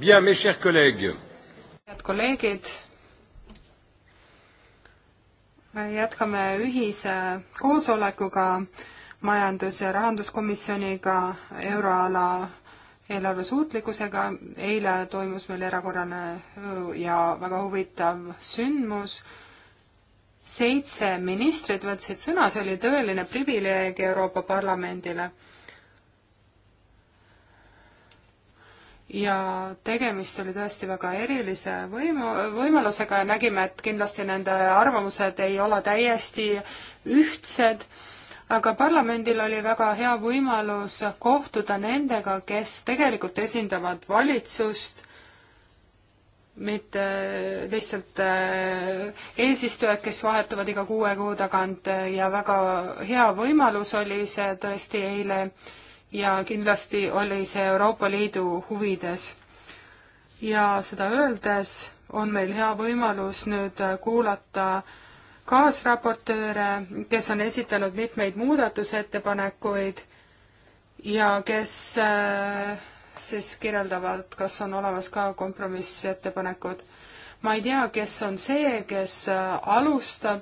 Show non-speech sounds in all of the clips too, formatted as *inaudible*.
Bien, mes chers collègues. head kolleegid, me jätkame ühise koosolekuga majandus- ja rahanduskomisjoniga euroala eelarve suutlikkusega. eile toimus meil erakorraline ja väga huvitav sündmus. seitse ministrit võtsid sõna, see oli tõeline privileeg Euroopa Parlamendile ja tegemist oli tõesti väga erilise võimu, võimalusega ja nägime, et kindlasti nende arvamused ei ole täiesti ühtsed, aga parlamendil oli väga hea võimalus kohtuda nendega, kes tegelikult esindavad valitsust, mitte lihtsalt äh, eesistujad, kes vahetuvad iga kuue kuu tagant ja väga hea võimalus oli see tõesti eile äh, ja kindlasti oli see Euroopa Liidu huvides. ja seda öeldes on meil hea võimalus nüüd kuulata kaasraportööre, kes on esitanud mitmeid muudatusettepanekuid ja kes äh, siis kirjeldavad, kas on olemas ka kompromissettepanekud. ma ei tea, kes on see, kes äh, alustab.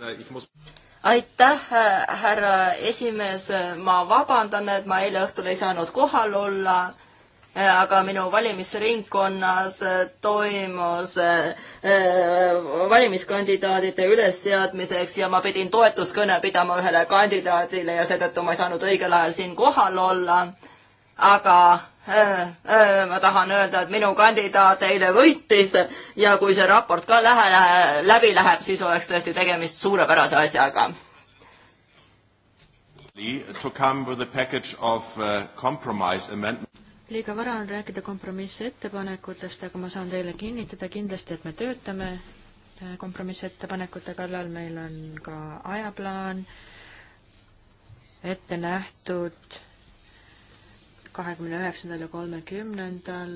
Äh, aitäh, härra esimees, ma vabandan, et ma eile õhtul ei saanud kohal olla aga minu valimisringkonnas toimus eh, valimiskandidaadide ülesseadmiseks ja ma pidin toetuskõne pidama ühele kandidaadile ja seetõttu ma ei saanud õigel ajal siin kohal olla. aga Äh, äh, ma tahan öelda, et minu kandidaat eile võitis ja kui see raport ka lähe, läbi läheb, siis oleks tõesti tegemist suurepärase asjaga. Uh, liiga vara on rääkida kompromissettepanekutest, aga ma saan teile kinnitada kindlasti, et me töötame äh, kompromissettepanekute kallal, meil on ka ajaplaan ette nähtud kahekümne üheksandal ja kolmekümnendal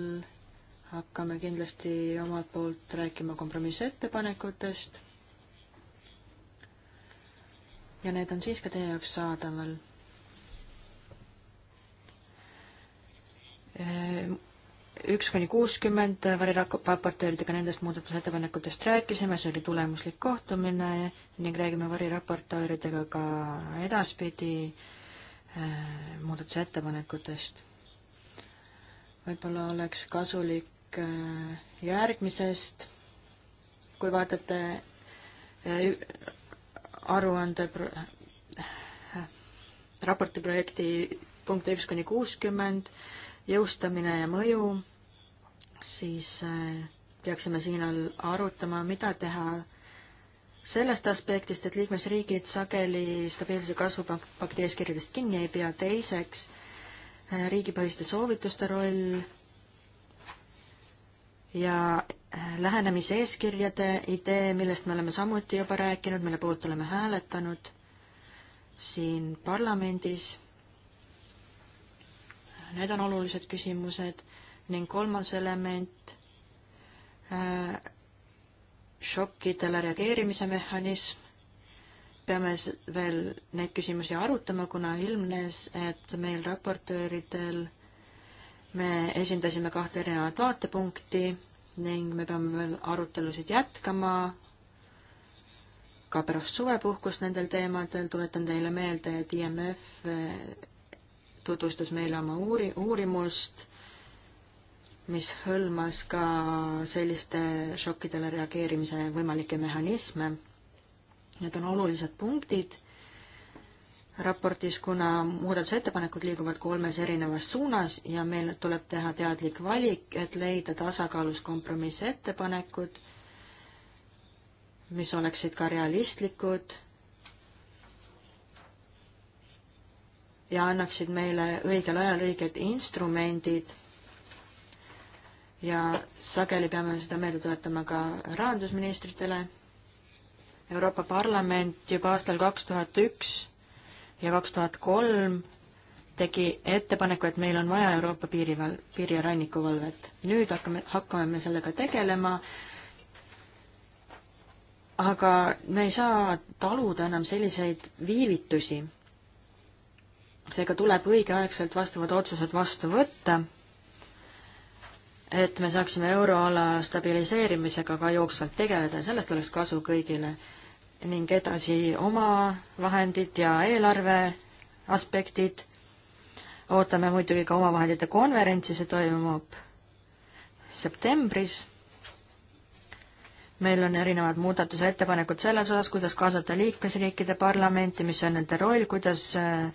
hakkame kindlasti omalt poolt rääkima kompromissettepanekutest. ja need on siis ka teie jaoks saadaval ehm, üks kuni kuuskümmend variraportööridega nendest muudatusettepanekutest rääkisime, see oli tulemuslik kohtumine ning räägime variraportööridega ka edaspidi ehm, muudatusettepanekutest võib-olla oleks kasulik äh, järgmisest, kui vaatate äh, aruande pro, äh, raporti projekti punkte üks kuni kuuskümmend, jõustamine ja mõju, siis peaksime siin all arutama, mida teha sellest aspektist, et liikmesriigid sageli stabiilsuse kasvupakti eeskirjadest kinni ei pea, teiseks Äh, riigipõhiste soovituste roll ja äh, lähenemise eeskirjade idee, millest me oleme samuti juba rääkinud, mille poolt oleme hääletanud siin parlamendis. Need on olulised küsimused ning kolmas element äh,, šokkidele reageerimise mehhanism, peame veel neid küsimusi arutama, kuna ilmnes, et meil raportööridel me esindasime kahte erinevat vaatepunkti ning me peame veel arutelusid jätkama ka pärast suvepuhkust nendel teemadel. tuletan teile meelde, et IMF eh, tutvustas meile oma uuri-, uurimust, mis hõlmas ka selliste šokkidele reageerimise võimalikke mehhanisme Need on olulised punktid raportis, kuna muudatusettepanekud liiguvad kolmes erinevas suunas ja meil tuleb teha teadlik valik, et leida tasakaalus kompromissettepanekud, mis oleksid ka realistlikud ja annaksid meile õigel ajal õiged instrumendid ja sageli peame seda meelde tuletama ka rahandusministritele Euroopa Parlament juba aastal kaks tuhat üks ja kaks tuhat kolm tegi ettepaneku, et meil on vaja Euroopa piirival-, piiri- ja rannikuvalvet. nüüd hakkame, hakkame me sellega tegelema, aga me ei saa taluda enam selliseid viivitusi. seega tuleb õigeaegselt vastavad otsused vastu võtta et me saaksime euroala stabiliseerimisega ka jooksvalt tegeleda ja sellest oleks kasu kõigile ning edasi oma vahendid ja eelarve aspektid. ootame muidugi ka omavahendite konverentsi, see toimub septembris. meil on erinevad muudatusettepanekud selles osas, kuidas kaasata liikmesriikide parlamenti, mis on nende roll, kuidas äh,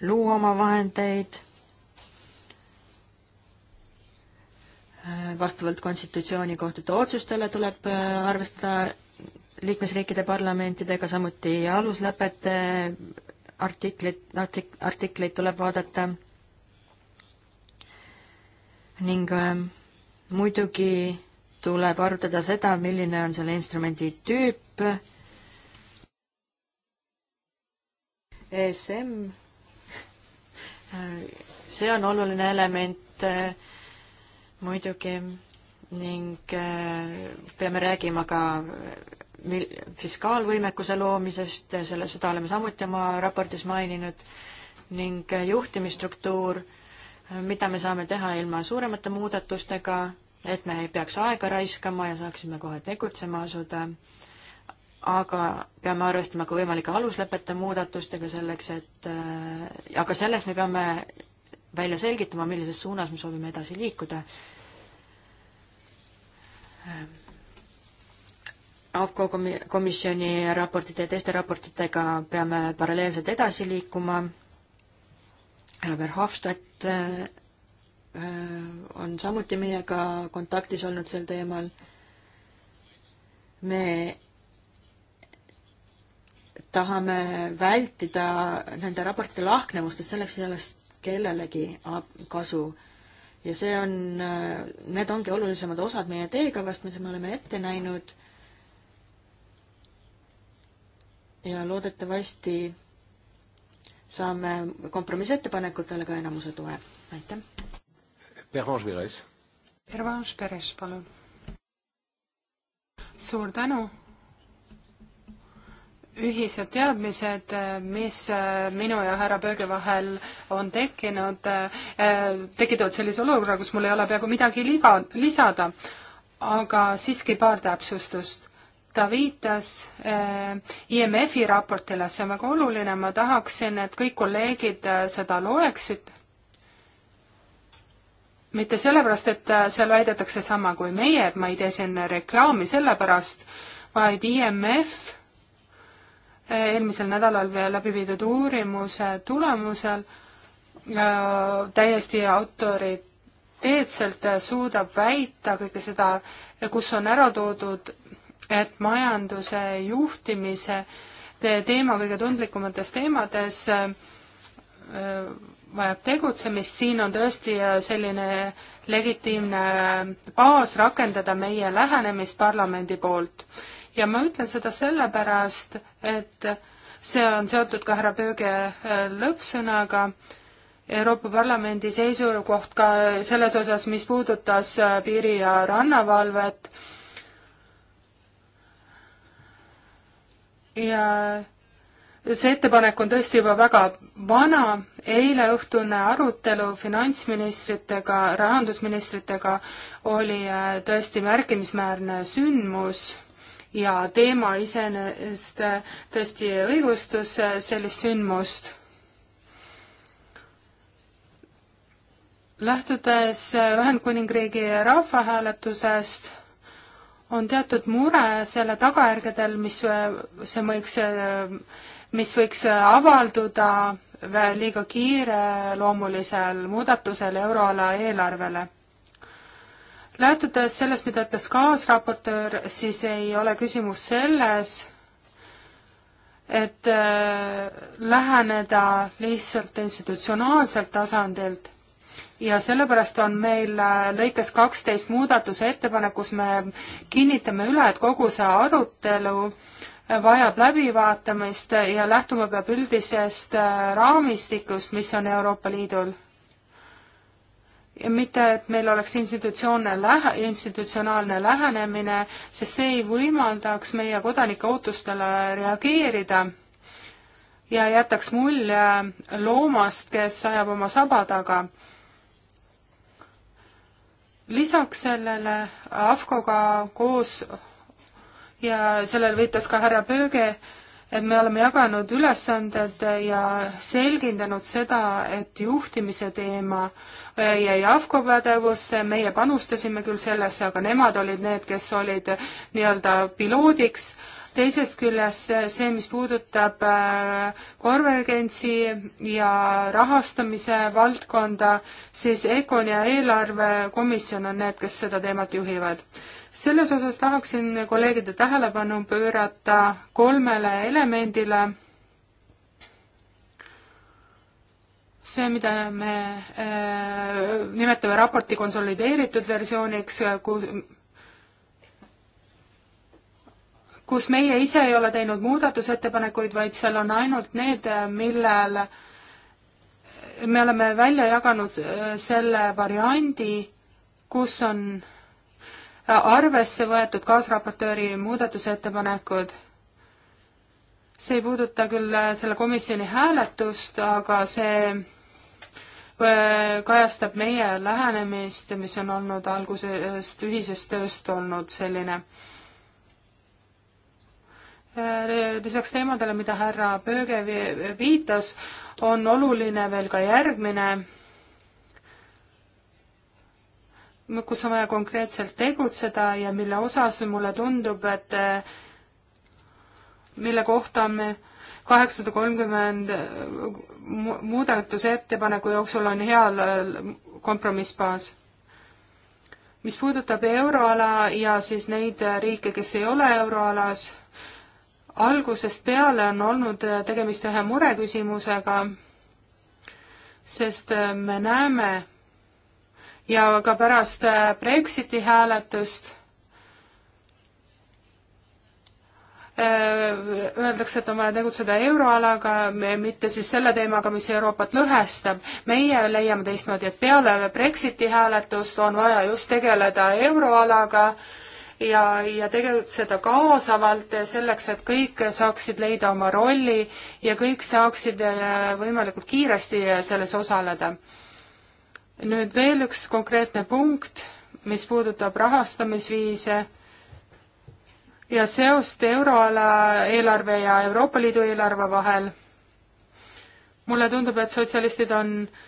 luua omavahendeid vastavalt konstitutsioonikohtute otsustele tuleb äh, arvestada liikmesriikide parlamentidega, samuti aluslepete artiklit, artik-, artikleid tuleb vaadata ning äh, muidugi tuleb arutada seda, milline on selle instrumendi tüüp, ESM, *laughs* see on oluline element äh, muidugi ning äh, peame räägima ka äh, mil-, fiskaalvõimekuse loomisest, äh, selle, seda oleme samuti oma raportis maininud, ning juhtimisstruktuur, mida me saame teha ilma suuremate muudatustega, et me ei peaks aega raiskama ja saaksime kohe tegutsema asuda, aga peame arvestama ka võimalike aluslepete muudatustega selleks, et äh, aga selleks me peame välja selgitama, millises suunas me soovime edasi liikuda AFCO komisjoni raportite ja teiste raportitega peame paralleelselt edasi liikuma. härra Verhofstadt äh, on samuti meiega kontaktis olnud sel teemal. me tahame vältida nende raportite lahknevust, et selleks ei oleks kellelegi kasu ja see on, äh, need ongi olulisemad osad meie teekavast, mida me oleme ette näinud. ja loodetavasti saame kompromissettepanekutele ka enamuse toe. aitäh! Pervanche Perez. Pervanche Perez, palun. suur tänu ühised teadmised, mis äh, minu ja härra Pööge vahel on tekkinud, äh, tekitavad sellise olukorra, kus mul ei ole peaaegu midagi liga, lisada. aga siiski paar täpsustust. ta viitas äh, IMF-i raportile, see on väga oluline, ma tahaksin, et kõik kolleegid seda loeksid, mitte sellepärast, et seal väidetakse sama kui meie, et ma ei tee siin reklaami selle pärast, vaid IMF eelmisel nädalal läbi viidud uurimuse tulemusel äh, täiesti autoriteetselt suudab väita kõike seda, kus on ära toodud, et majanduse juhtimise teema kõige tundlikumates teemades äh, vajab tegutsemist, siin on tõesti äh, selline legitiimne baas rakendada meie lähenemist parlamendi poolt ja ma ütlen seda sellepärast, et see on seotud ka härra Pööge äh, lõppsõnaga, Euroopa Parlamendi seisukoht ka selles osas, mis puudutas äh, piiri- ja rannavalvet ja see ettepanek on tõesti juba väga vana, eileõhtune arutelu finantsministritega, rahandusministritega oli äh, tõesti märkimisväärne sündmus ja teema iseenesest tõesti õigustas sellist sündmust. lähtudes Ühendkuningriigi rahvahääletusest, on teatud mure selle tagajärgedel, mis see võiks, mis võiks avalduda liiga kiireloomulisel muudatusel euroala eelarvele lähtudes sellest, mida ütles kaasraportöör, siis ei ole küsimus selles, et äh, läheneda lihtsalt institutsionaalselt tasandilt ja sellepärast on meil äh, lõikes kaksteist muudatuse ettepanek, kus me kinnitame üle, et kogu see arutelu äh, vajab läbivaatamist ja lähtuma peab üldisest raamistikust, mis on Euroopa Liidul ja mitte, et meil oleks institutsioonne lähe-, institutsionaalne lähenemine, sest see ei võimaldaks meie kodanike ootustele reageerida ja jätaks mulje loomast, kes ajab oma saba taga lisaks sellele AFCO-ga koos ja sellele viitas ka härra Pööge, et me oleme jaganud ülesanded ja selgindanud seda, et juhtimise teema jäi AFCO pädevusse, meie panustasime küll sellesse, aga nemad olid need, kes olid nii-öelda piloodiks teisest küljest see, mis puudutab äh, konvergentsi ja rahastamise valdkonda, siis EKON ja eelarvekomisjon on need, kes seda teemat juhivad. selles osas tahaksin kolleegide tähelepanu pöörata kolmele elemendile. see, mida me äh, nimetame raporti konsolideeritud versiooniks, kus meie ise ei ole teinud muudatusettepanekuid, vaid seal on ainult need, millel me oleme välja jaganud äh, selle variandi, kus on äh, arvesse võetud kaasraportööri muudatusettepanekud. see ei puuduta küll äh, selle komisjoni hääletust, aga see kajastab meie lähenemist, mis on olnud algusest ühisest tööst olnud selline Äh, lisaks teemadele, mida härra Pööge viitas, on oluline veel ka järgmine, kus on vaja konkreetselt tegutseda ja mille osas mulle tundub, et äh, mille kohta me kaheksasada kolmkümmend äh, muudatusettepaneku jooksul on hea kompromissbaas mis puudutab euroala ja siis neid riike, kes ei ole euroalas, algusest peale on olnud äh, tegemist ühe mureküsimusega, sest äh, me näeme ja ka pärast äh, Brexiti hääletust öeldakse, et on vaja tegutseda euroalaga, mitte siis selle teemaga, mis Euroopat lõhestab. meie leiame teistmoodi, et peale Brexiti hääletust on vaja just tegeleda euroalaga äh,, ja, ja tegutseda kaasavalt selleks, et kõik saaksid leida oma rolli ja kõik saaksid äh, võimalikult kiiresti selles osaleda. nüüd veel üks konkreetne punkt, mis puudutab rahastamisviise ja seost euroala eelarve ja Euroopa Liidu eelarve vahel. mulle tundub, et sotsialistid on äh,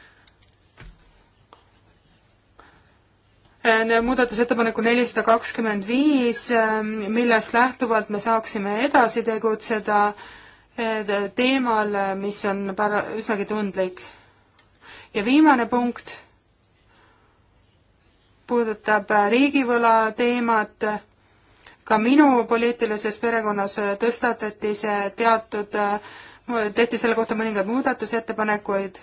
Äh, muudatusettepaneku nelisada kakskümmend viis, ähm, millest lähtuvalt me saaksime edasi tegutseda äh, teemal, äh, mis on pära-, üsnagi tundlik. ja viimane punkt puudutab riigivõla teemat. ka minu poliitilises perekonnas tõstatati see teatud, tehti selle kohta mõningaid muudatusettepanekuid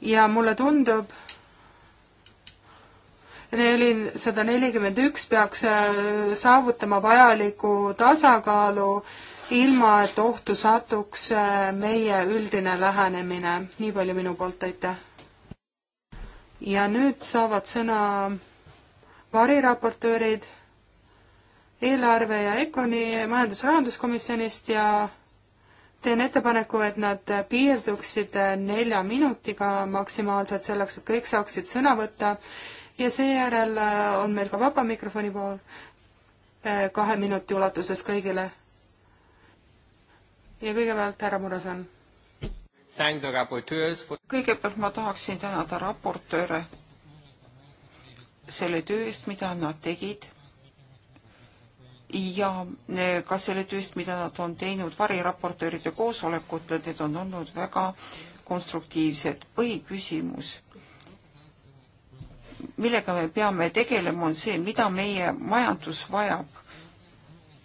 ja mulle tundub, nelisada nelikümmend üks peaks äh, saavutama vajaliku tasakaalu, ilma et ohtu satuks äh, meie üldine lähenemine. nii palju minu poolt, aitäh! ja nüüd saavad sõna variraportöörid eelarve ja EKONi majandus-rahanduskomisjonist ja teen ettepaneku, et nad piirduksid nelja minutiga maksimaalselt selleks, et kõik saaksid sõna võtta ja seejärel äh, on meil ka vaba mikrofoni pool äh, kahe minuti ulatuses kõigile. ja kõigepealt härra Murasan. kõigepealt ma tahaksin tänada raportööre selle töö eest, mida nad tegid ja äh, ka selle tööst, mida nad on teinud variraportööride koosolekutel, need on olnud väga konstruktiivsed. põhiküsimus millega me peame tegelema, on see, mida meie majandus vajab.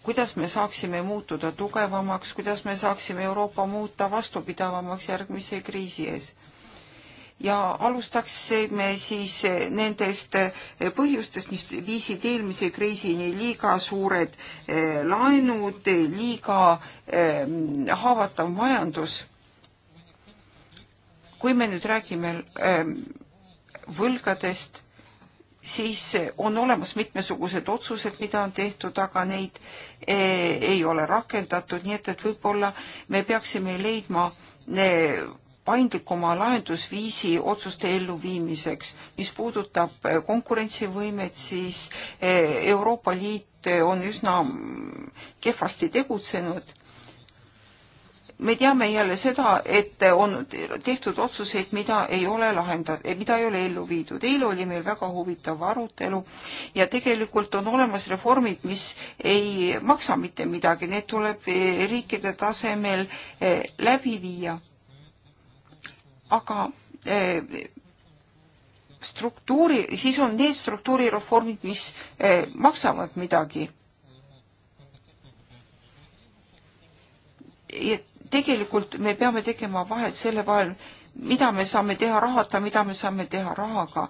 kuidas me saaksime muutuda tugevamaks, kuidas me saaksime Euroopa muuta vastupidavamaks järgmise kriisi ees ja alustaksime siis nendest põhjustest, mis viisid eelmise kriisini, liiga suured eh, laenud, liiga eh, haavatav majandus. kui me nüüd räägime eh, võlgadest, siis on olemas mitmesugused otsused, mida on tehtud, aga neid eh, ei ole rakendatud, nii et, et võib-olla me peaksime leidma eh, paindlikuma lahendusviisi otsuste elluviimiseks. mis puudutab eh, konkurentsivõimet, siis Euroopa Liit on üsna mm, kehvasti tegutsenud me teame jälle seda, et on tehtud otsuseid, mida ei ole lahendatud, eh, mida ei ole ellu viidud. eile oli meil väga huvitav arutelu ja tegelikult on olemas reformid, mis ei maksa mitte midagi, need tuleb eh, riikide tasemel eh, läbi viia. aga struktuuri, siis on need struktuurireformid, mis maksavad midagi et tegelikult me peame tegema vahet selle vahel, mida me saame teha rahata, mida me saame teha rahaga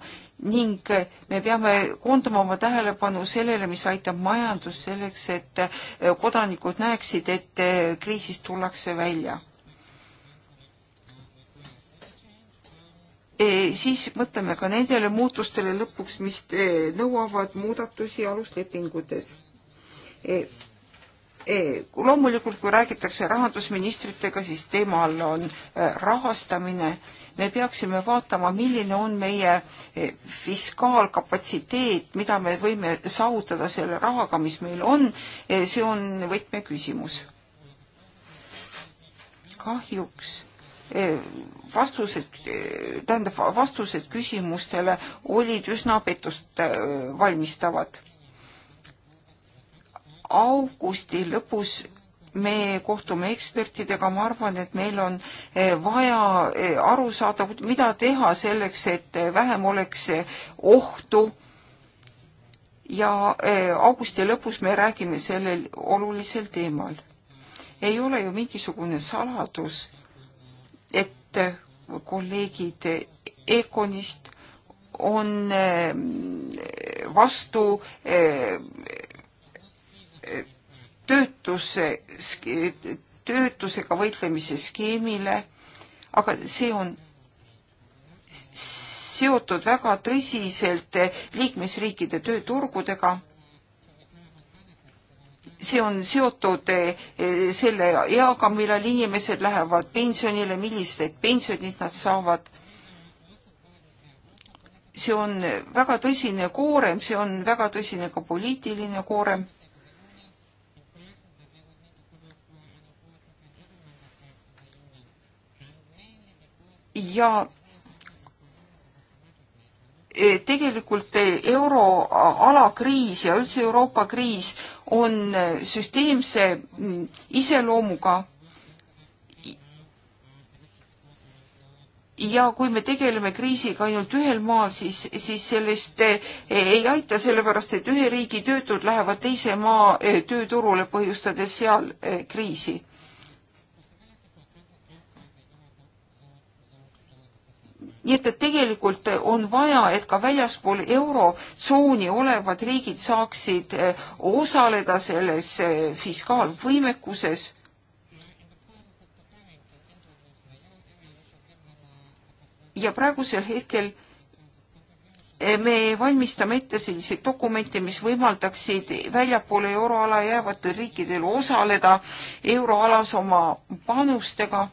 ning eh, me peame koondama oma tähelepanu sellele, mis aitab majandust selleks, et eh, kodanikud näeksid, et eh, kriisist tullakse välja. siis mõtleme ka nendele muutustele lõpuks, mis nõuavad muudatusi aluslepingutes loomulikult, kui räägitakse rahandusministritega, siis teema all on äh, rahastamine. me peaksime vaatama, milline on meie äh, fiskaalkapatsiteet, mida me võime saavutada selle rahaga, mis meil on. Äh, see on võtmeküsimus. kahjuks vastused, tähendab vastused küsimustele olid üsna pettust valmistavad augusti lõpus me kohtume ekspertidega, ma arvan, et meil on eh, vaja eh, aru saada, mida teha selleks, et eh, vähem oleks ohtu. ja augusti lõpus me räägime sellel olulisel teemal. ei ole ju mingisugune saladus, et kolleegid Econist on vastu töötuse, töötusega võitlemise skeemile, aga see on seotud väga tõsiselt liikmesriikide tööturgudega. see on seotud eh, selle eaga, millal inimesed lähevad pensionile, millised pensionid nad saavad. see on väga tõsine koorem, see on väga tõsine ka poliitiline koorem ja e, tegelikult e, euroala kriis ja üldse Euroopa kriis on e, süsteemse iseloomuga. ja kui me tegeleme kriisiga ainult ühel maal, siis, siis sellest ei aita, sellepärast et ühe riigi töötud lähevad teise maa tööturule, põhjustades seal kriisi nii et, et tegelikult on vaja, et ka väljaspool eurotsooni olevad riigid saaksid eh, osaleda selles eh, fiskaalvõimekuses. ja praegusel hetkel eh, me valmistame ette selliseid dokumente, mis võimaldaksid väljapoole euroala jäävatel riikidel osaleda euroalas oma panustega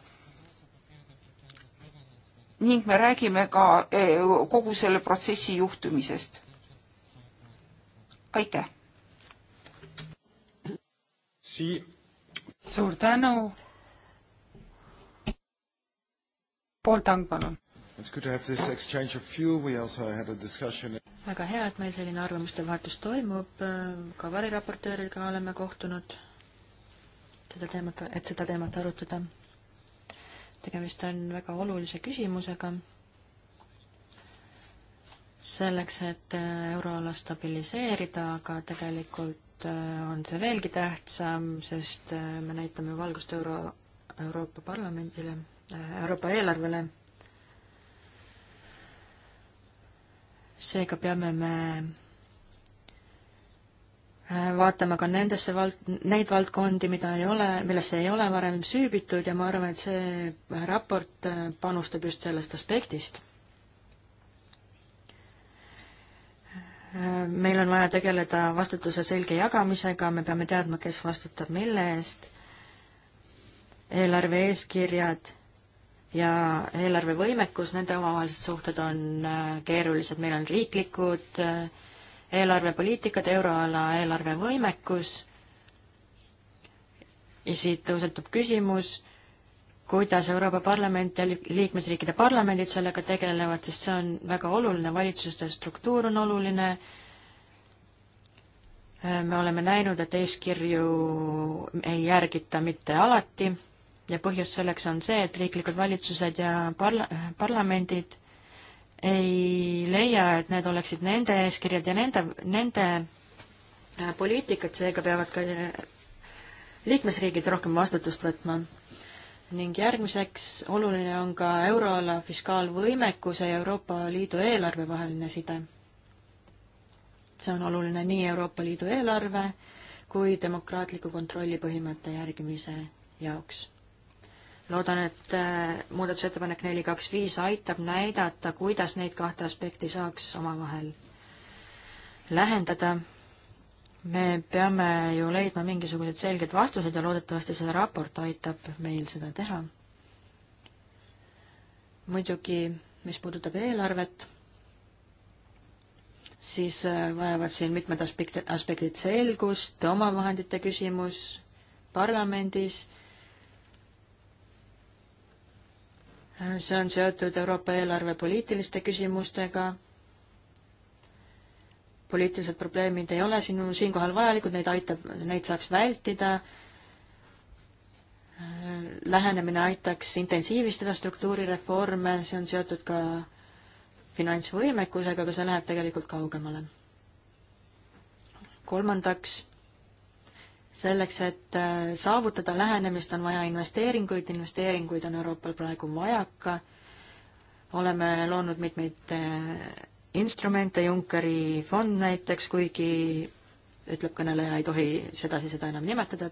ning me räägime ka eh, kogu selle protsessi juhtimisest. aitäh! suur tänu! Paul Tang, palun! väga hea, et meil selline arvamuste vahetus toimub, ka variraportööridega oleme kohtunud seda teemat, et seda teemat arutada tegemist on väga olulise küsimusega selleks, et äh, euroala stabiliseerida, aga tegelikult äh, on see veelgi tähtsam, sest äh, me näitame valgust euro, Euroopa Parlamendile, Euroopa eelarvele. seega peame me Äh, vaatama ka nendesse vald-, neid valdkondi, mida ei ole, millesse ei ole varem süübitud ja ma arvan, et see äh, raport äh, panustab just sellest aspektist. meil on vaja tegeleda vastutuse selge jagamisega, me peame teadma, kes vastutab mille eest, eelarve eeskirjad ja eelarvevõimekus, nende omavahelised suhted on keerulised, meil on riiklikud äh, eelarvepoliitikad, euroala eelarvevõimekus ja siit tõusetub küsimus, kuidas Euroopa Parlament ja liikmesriikide parlamendid sellega tegelevad, sest see on väga oluline, valitsuste struktuur on oluline, me oleme näinud, et eeskirju ei järgita mitte alati ja põhjus selleks on see, et riiklikud valitsused ja parla-, parlamendid ei leia, et need oleksid nende eeskirjad ja nende, nende äh, poliitikad, seega peavad ka äh, liikmesriigid rohkem vastutust võtma. ning järgmiseks oluline on ka euroala fiskaalvõimekuse ja Euroopa Liidu eelarve vaheline side. see on oluline nii Euroopa Liidu eelarve kui demokraatliku kontrolli põhimõtte järgimise jaoks loodan, et äh, muudatusettepanek neli kaks viis aitab näidata, kuidas neid kahte aspekti saaks omavahel lähendada. me peame ju leidma mingisugused selged vastused ja loodetavasti see raport aitab meil seda teha. muidugi, mis puudutab eelarvet, siis äh, vajavad siin mitmed aspektid, aspektid selgust, omavahendite küsimus parlamendis see on seotud Euroopa eelarvepoliitiliste küsimustega. poliitilised probleemid ei ole sinu siinkohal vajalikud, neid aitab, neid saaks vältida. lähenemine aitaks intensiivistada struktuurireforme, see on seotud ka finantsvõimekusega, aga see läheb tegelikult kaugemale. kolmandaks selleks, et äh, saavutada lähenemist, on vaja investeeringuid, investeeringuid on Euroopal praegu vajaka, oleme loonud mitmeid äh, instrumente, Junckeri fond näiteks, kuigi ütleb kõneleja, ei tohi sedasi seda enam nimetada.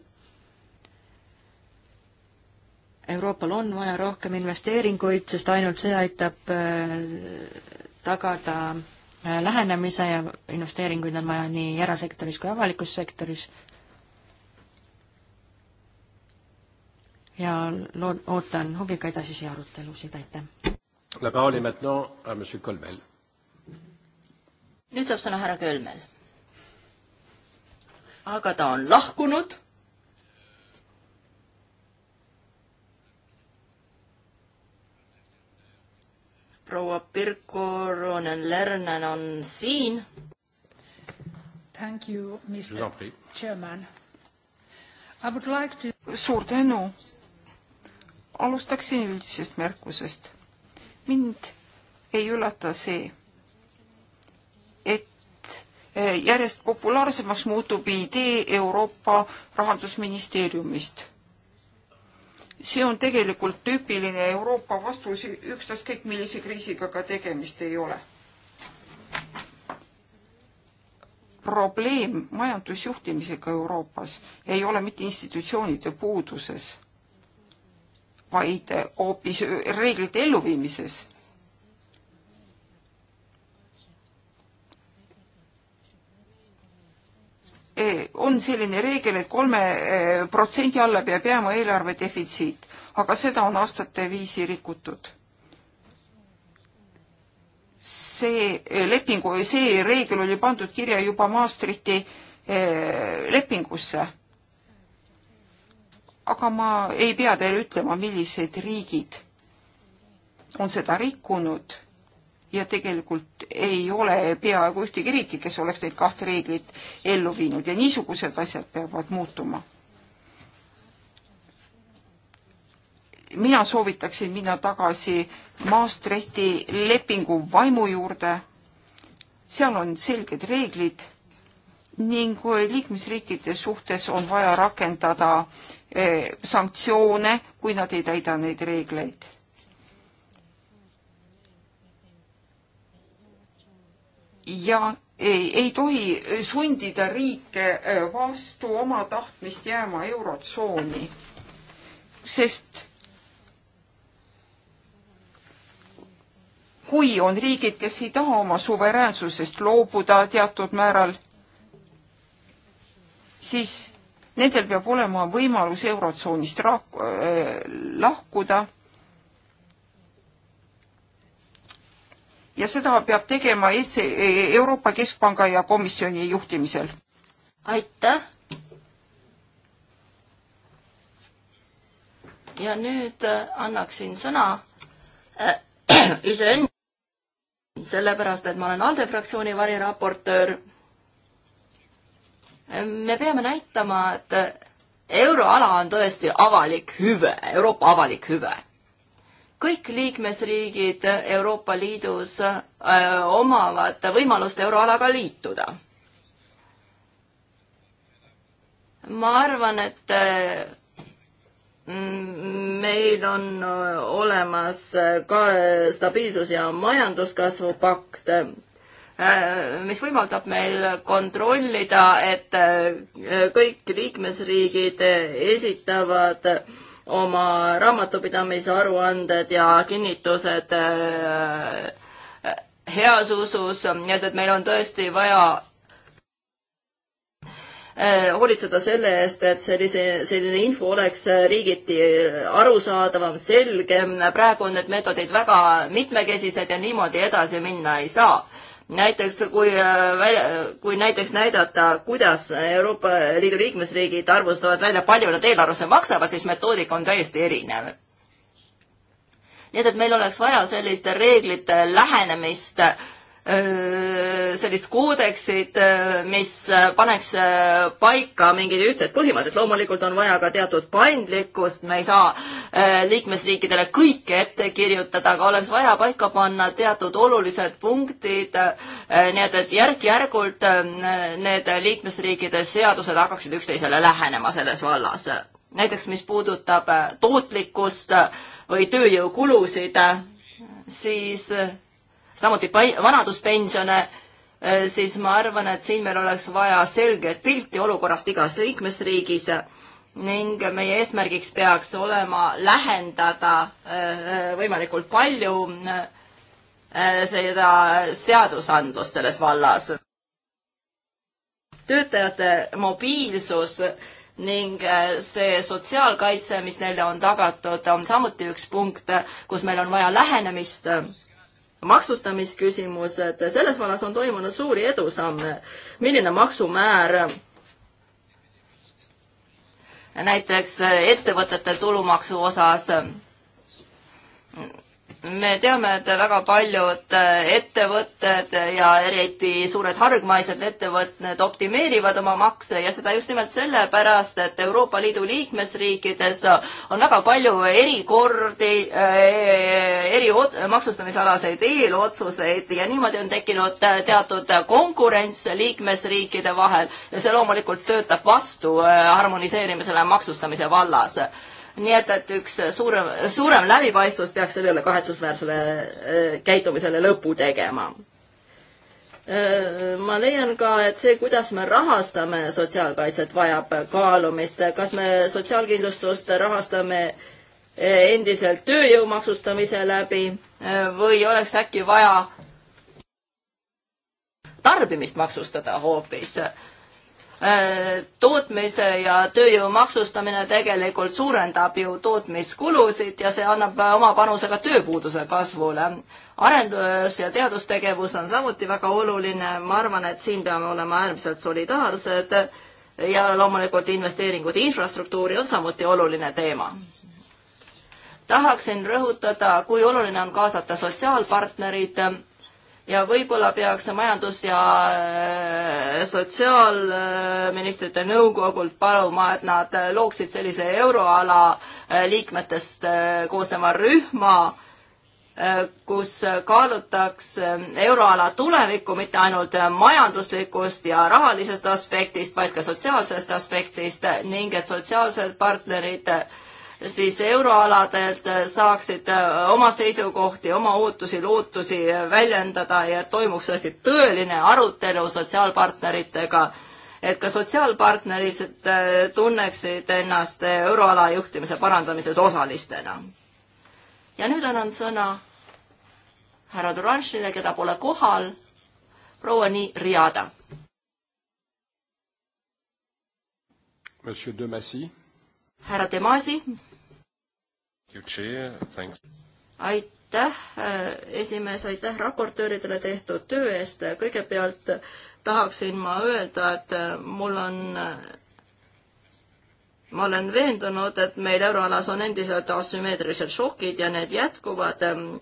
Euroopal on vaja rohkem investeeringuid, sest ainult see aitab äh, tagada lähenemise ja investeeringuid on vaja nii erasektoris kui avalikus sektoris, ja lood-, ootan huviga edasisi arutelusid, aitäh. La parole est maintenant à monsieur Colmel. nüüd saab sõna härra Kölmel. aga ta on lahkunud. proua Pirko Ronen-Lernen on siin. Thank you, Mr Chairman. I would like to suur tänu alustaksin üldisest märkusest. mind ei üllata see, et eh, järjest populaarsemaks muutub idee Euroopa rahandusministeeriumist. see on tegelikult tüüpiline Euroopa vastus, ükstaskõik millise kriisiga ka tegemist ei ole. probleem majandusjuhtimisega Euroopas ei ole mitte institutsioonide puuduses vaid hoopis reeglite elluviimises. E, on selline reegel et, et kolme e, protsendi alla peab jääma eelarve defitsiit, aga seda on aastate viisi rikutud see lepingu, see reegel oli pandud kirja juba Maastrichti e, lepingusse aga ma ei pea teile ütlema, millised riigid on seda rikkunud ja tegelikult ei ole peaaegu ühtegi riiki, kes oleks neid kahte reeglit ellu viinud ja niisugused asjad peavad muutuma. mina soovitaksin minna tagasi Maastrichti lepingu vaimu juurde. seal on selged reeglid ning liikmesriikide suhtes on vaja rakendada äh, Eh, sanktsioone, kui nad ei täida neid reegleid. ja ei, ei tohi sundida riike eh, vastu oma tahtmist jääma eurotsooni, sest kui on riigid, kes ei taha oma suveräänsusest loobuda teatud määral, siis nendel peab olema võimalus Eurotsoonist äh, lahkuda. ja seda peab tegema Euroopa Keskpanga ja komisjoni juhtimisel. aitäh. ja nüüd äh, annaksin sõna äh, *clears throat* iseendale, sellepärast et ma olen ALDE fraktsiooni variraportöör me peame näitama, et euroala on tõesti avalik hüve, Euroopa avalik hüve. kõik liikmesriigid Euroopa Liidus öö, äh, omavad võimalust euroalaga liituda. ma arvan, et öö, mm, meil on olemas ka stabiilsus- ja majanduskasvu pakt Äh, mis võimaldab meil kontrollida, et äh, kõik liikmesriigid esitavad oma raamatupidamise aruanded ja kinnitused äh, heas usus, nii et, et meil on tõesti vaja hoolitseda selle eest, et sellise, selline info oleks riigiti arusaadavam, selgem. praegu on need meetodid väga mitmekesised ja niimoodi edasi minna ei saa näiteks kui äh, välja, kui näiteks näidata, kuidas Euroopa Liidu liikmesriigid arvustavad välja, palju nad eelarvesse maksavad, siis metoodika on täiesti erinev. nii et, et meil oleks vaja selliste reeglite lähenemist äh, Äh, sellist koodeksit, äh, mis äh, paneks paika mingid ühtsed põhimõtted. loomulikult on vaja ka teatud paindlikkust, me ei saa liikmesriikidele kõike ette kirjutada, aga oleks vaja paika panna teatud olulised punktid, nii et, et järk-järgult need liikmesriikide seadused hakkaksid üksteisele lähenema selles vallas. näiteks mis puudutab tootlikkust või tööjõukulusid, siis samuti vanaduspensione, äh, siis ma arvan, et siin meil oleks vaja selget pilti olukorrast igas liikmesriigis ning meie eesmärgiks peaks olema lähendada äh, võimalikult palju äh, seda seadusandlust selles vallas. töötajate mobiilsus ning see sotsiaalkaitse, mis neile on tagatud, on samuti üks punkt, kus meil on vaja lähenemist maksustamisküsimused, selles vallas on toimunud suuri edusamme. milline maksumäär näiteks ettevõtete tulumaksu osas me teame, et väga paljud äh, ettevõtted ja eriti suured hargmaised ettevõtted optimeerivad oma makse ja seda just nimelt sellepärast, et Euroopa Liidu liikmesriikides on väga palju erikordi, äh, eri maksustamisalaseid eelotsuseid ja niimoodi on tekkinud äh, teatud konkurents liikmesriikide vahel ja see loomulikult töötab vastu harmoniseerimisele maksustamise vallas nii et, et üks suurem, suurem läbipaistvus peaks sellele kahetsusväärsele äh, käitumisele lõpu tegema. Äh, ma leian ka, et see, kuidas me rahastame sotsiaalkaitset, vajab kaalumist, kas me sotsiaalkindlustust rahastame äh, endiselt tööjõu maksustamise läbi või oleks äkki vaja tarbimist maksustada hoopis Äh, tootmise ja tööjõu maksustamine tegelikult suurendab ju tootmiskulusid ja see annab oma panuse ka tööpuuduse kasvule. arendus- ja teadustegevus on samuti väga oluline, ma arvan, et siin peame olema äärmiselt solidaarsed ja loomulikult investeeringud infrastruktuuri on samuti oluline teema tahaksin rõhutada, kui oluline on kaasata sotsiaalpartnerid ja võib-olla peaks majandus- ja äh, sotsiaalministrite nõukogult paluma, et nad äh, looksid sellise euroala äh, liikmetest koosneva rühma, kus kaalutaks euroala tulevikku mitte ainult majanduslikust ja rahalisest aspektist, vaid ka sotsiaalsest aspektist ning et sotsiaalsed partnerid äh, siis euroaladelt äh, saaksid äh, oma seisukohti, oma ootusi, lootusi äh, väljendada ja toimuks tõesti tõeline arutelu sotsiaalpartneritega, et ka sotsiaalpartnerid tunneksid ennast euroala juhtimise parandamises osalistena. ja nüüd annan sõna härra Duranšile, keda pole kohal, proua Nii Riada. Monsieur de Massy härra Demasi. aitäh, äh, esimees, aitäh raportööridele tehtud töö eest. kõigepealt tahaksin ma öelda, et äh, mul on äh, ma olen veendunud, et meil euroalas on endiselt asümmeetrilised šokid ja need jätkuvad. Ehm,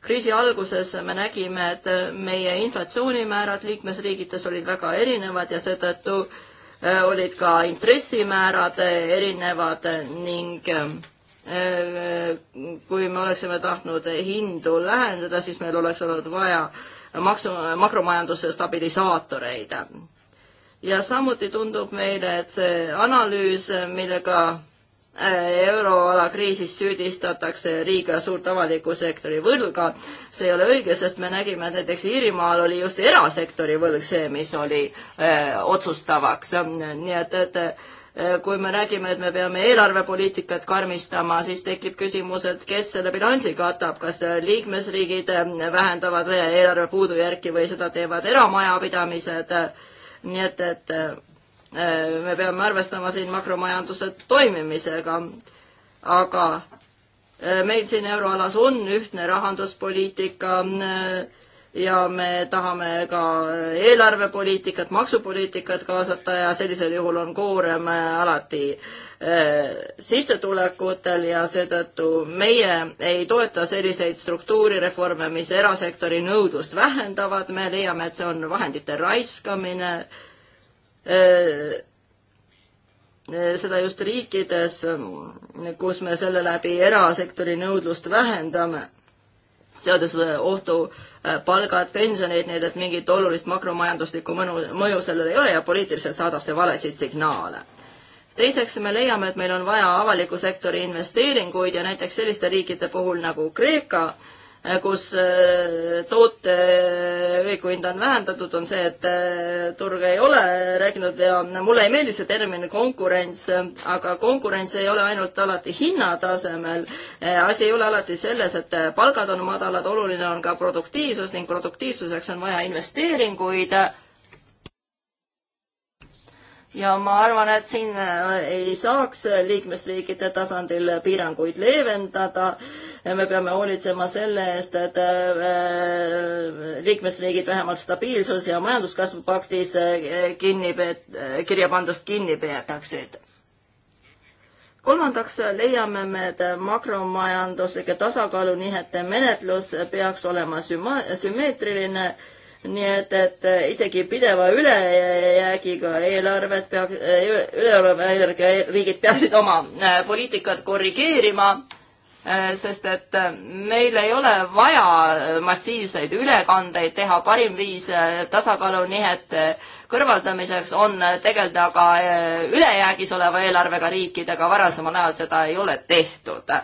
kriisi alguses me nägime, et meie inflatsioonimäärad liikmesriigites olid väga erinevad ja seetõttu äh, Äh, olid ka intressimäärad äh, erinevad äh, ning kui me oleksime tahtnud hindu lähendada, siis meil oleks olnud vaja maksu, makromajanduse stabilisaatoreid. ja samuti tundub meile, et see analüüs, millega Äh, euroala kriisis süüdistatakse liiga suurt avaliku sektori võlga. see ei ole õige, sest me nägime, et näiteks Iirimaal oli just erasektori võlg see, mis oli öö, äh, otsustavaks, nii et, et äh, kui me räägime, et me peame eelarvepoliitikat karmistama, siis tekib küsimus, et kes selle bilansi katab, kas liikmesriigid vähendavad eelarve puudujärki või seda teevad eramajapidamised. nii et, et Äh, me peame arvestama siin makromajanduse toimimisega, aga äh, meil siin euroalas on ühtne rahanduspoliitika äh, ja me tahame ka eelarvepoliitikat, maksupoliitikat kaasata ja sellisel juhul on koorem alati sissetulekutel ja seetõttu meie ei toeta selliseid struktuurireforme, mis erasektori nõudlust vähendavad, me leiame, et see on vahendite raiskamine Äh, äh, seda just riikides, ähm, kus me selle läbi erasektori nõudlust vähendame, seades äh, ohtu palgad, pensioneid, nii et mingit olulist makromajanduslikku mõnu, mõju sellel ei ole ja poliitiliselt saadab see valesid signaale teiseks me leiame, et meil on vaja avaliku sektori investeeringuid ja näiteks selliste riikide puhul nagu Kreeka äh, Äh, kus äh, toote ühiku äh, hind on vähendatud, on see, et turge ei ole rääkinud ja mulle ei meeldi see termin konkurents, aga konkurents ei ole ainult alati hinnatasemel. asi ei ole alati selles, et palgad on madalad, oluline on ka produktiivsus ning produktiivsuseks on vaja investeeringuid ja ma arvan, et siin ei saaks liikmesriikide tasandil piiranguid leevendada me peame hoolitsema selle eest, et äh, liikmesriigid vähemalt stabiilsus- ja majanduskasvu paktis äh, kinni, äh, kirja pandust kinni peetaksid kolmandaks leiame me, et makromajanduslike tasakaalunihete menetlus peaks olema süma-, sümmeetriline, nii et, et isegi pideva ülejäägiga eelarved peaks, ülejäägiga riigid peaksid oma poliitikat korrigeerima Äh, sest et äh, meil ei ole vaja massiivseid ülekandeid teha, parim viis äh, tasakaalunihete kõrvaldamiseks on tegeleda ka ülejäägis oleva eelarvega riikidega, varasemal ajal seda ei ole tehtud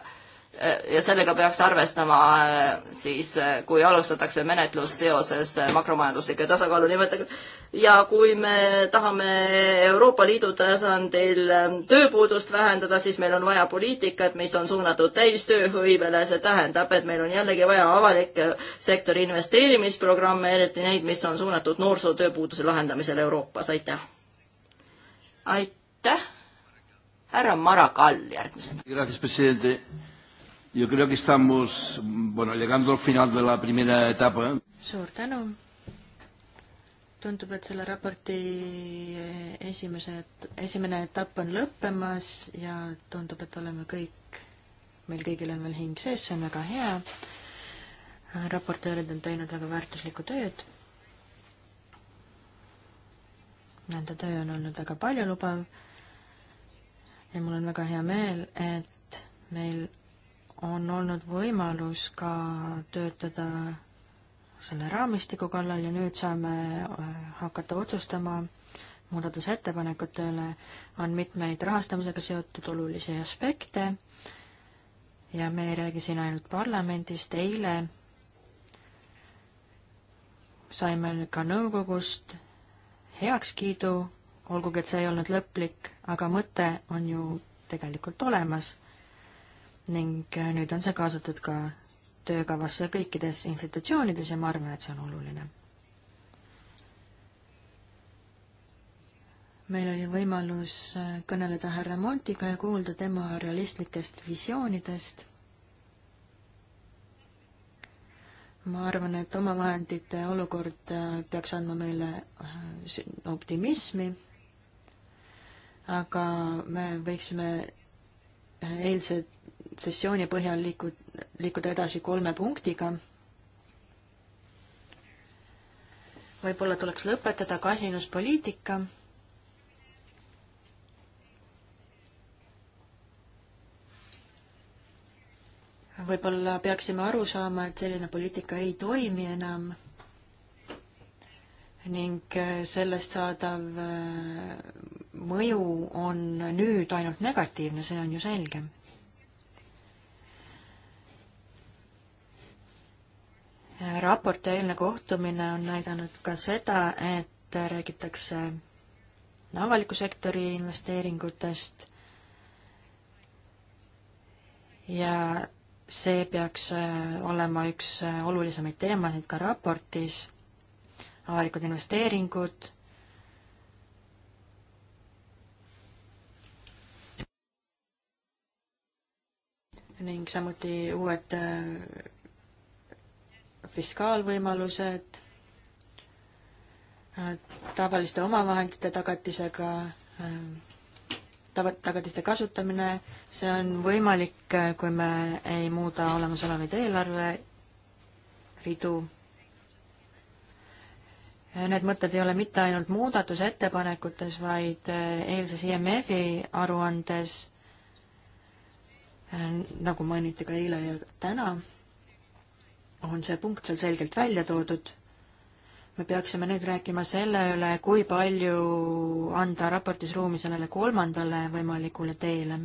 Äh, ja sellega peaks arvestama äh, siis, äh, kui alustatakse menetlust seoses makromajanduslike tasakaalu nimetega. ja kui me tahame Euroopa Liidu tasandil ähm, tööpuudust vähendada, siis meil on vaja poliitikat, mis on suunatud täistööhõivele, see tähendab, et meil on jällegi vaja avalikke sektori investeerimisprogramme, eriti neid, mis on suunatud noorsootööpuuduse lahendamisele Euroopas, aitäh! aitäh! härra Marakall järgmisena. Yo creo que estamos, bueno, llegando al final de la primera etapa. suur tänu. tundub, et selle raporti eh, esimese, esimene etapp on lõppemas ja tundub, et oleme kõik, meil kõigil on veel hing sees, see on väga hea. raportöörid on teinud väga väärtuslikku tööd. Nende töö on olnud väga paljulubav ja mul on väga hea meel, et meil on olnud võimalus ka töötada selle raamistiku kallal ja nüüd saame äh, hakata otsustama muudatusettepanekute üle. on mitmeid rahastamisega seotud olulisi aspekte ja me ei räägi siin ainult parlamendist, eile saime ka nõukogust heakskiidu, olgugi et see ei olnud lõplik, aga mõte on ju tegelikult olemas ning äh, nüüd on see kaasatud ka töökavasse kõikides institutsioonides ja ma arvan, et see on oluline. meil oli võimalus äh, kõneleda härra Montiga ja kuulda tema realistlikest visioonidest. ma arvan, et omavahendite olukord äh, peaks andma meile optimismi, aga me võiksime eilse sessiooni põhjal liiku-, liikuda edasi kolme punktiga. võib-olla tuleks lõpetada kasinuspoliitika võib-olla peaksime aru saama, et selline poliitika ei toimi enam ning sellest saadav mõju on nüüd ainult negatiivne, see on ju selge. raporti eilne kohtumine on näidanud ka seda, et räägitakse avaliku sektori investeeringutest ja see peaks äh, olema üks äh, olulisemaid teemasid ka raportis, avalikud investeeringud ning samuti uued äh, fiskaalvõimalused äh, tavaliste omavahendite tagatisega, äh, tava, tagatiste kasutamine, see on võimalik, kui me ei muuda olemasolevaid eelarveridu. Need mõtted ei ole mitte ainult muudatusettepanekutes, vaid eilses IMF-i aruandes Äh, nagu mainiti ka eile ja täna, on see punkt seal selgelt välja toodud. me peaksime nüüd rääkima selle üle, kui palju anda raportis ruumi sellele kolmandale võimalikule teele.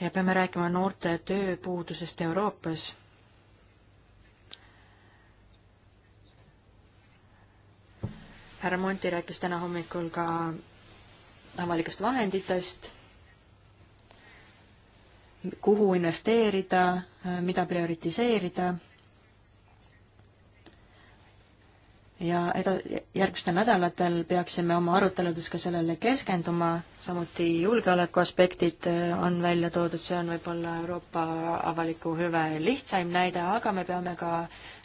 ja peame rääkima noorte tööpuudusest Euroopas härra Monti rääkis täna hommikul ka avalikest vahenditest kuhu investeerida, mida prioritiseerida. ja eda-, järgmistel nädalatel peaksime oma aruteludes ka sellele keskenduma, samuti julgeoleku aspektid äh, on välja toodud, see on võib-olla Euroopa avaliku hüve lihtsaim näide, aga me peame ka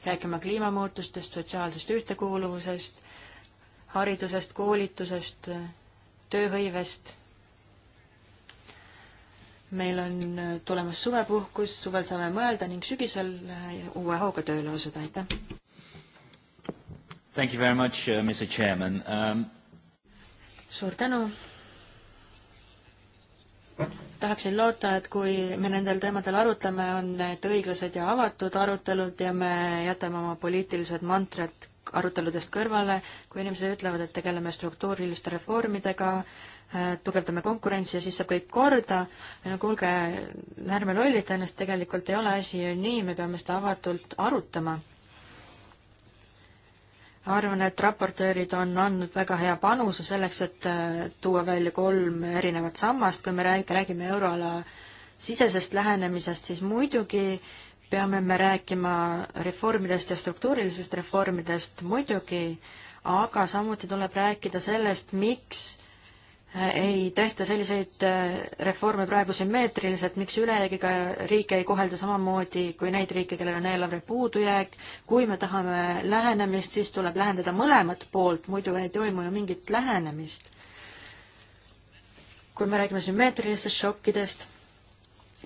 rääkima kliimamuutustest, sotsiaalsest ühtekuuluvusest, haridusest, koolitusest, tööhõivest meil on äh, tulemas suvepuhkus, suvel saame mõelda ning sügisel äh, uue hooga tööle asuda, aitäh! Thank you very much uh,, Mr Chairman um.... suur tänu! tahaksin loota, et kui me nendel teemadel arutleme, on need õiglased ja avatud arutelud ja me jätame oma poliitilised mantrad aruteludest kõrvale, kui inimesed ütlevad, et tegeleme struktuuriliste reformidega, Äh, tugevdame konkurentsi ja siis saab kõik korda. no kuulge, ärme lollita ennast, tegelikult ei ole asi ju nii, me peame seda avatult arutama. arvan, et raportöörid on andnud väga hea panuse selleks, et äh, tuua välja kolm erinevat sammast, kui me räägime euroala sisesest lähenemisest, siis muidugi peame me rääkima reformidest ja struktuurilisest reformidest muidugi, aga samuti tuleb rääkida sellest, miks ei tehta selliseid äh, reforme praegu sümmeetriliselt, miks ülejäägiga riike ei kohelda samamoodi kui neid riike, kellel on eelarve puudujääk. kui me tahame lähenemist, siis tuleb lähendada mõlemat poolt, muidu ei toimu ju mingit lähenemist. kui me räägime sümmeetrilistest šokkidest,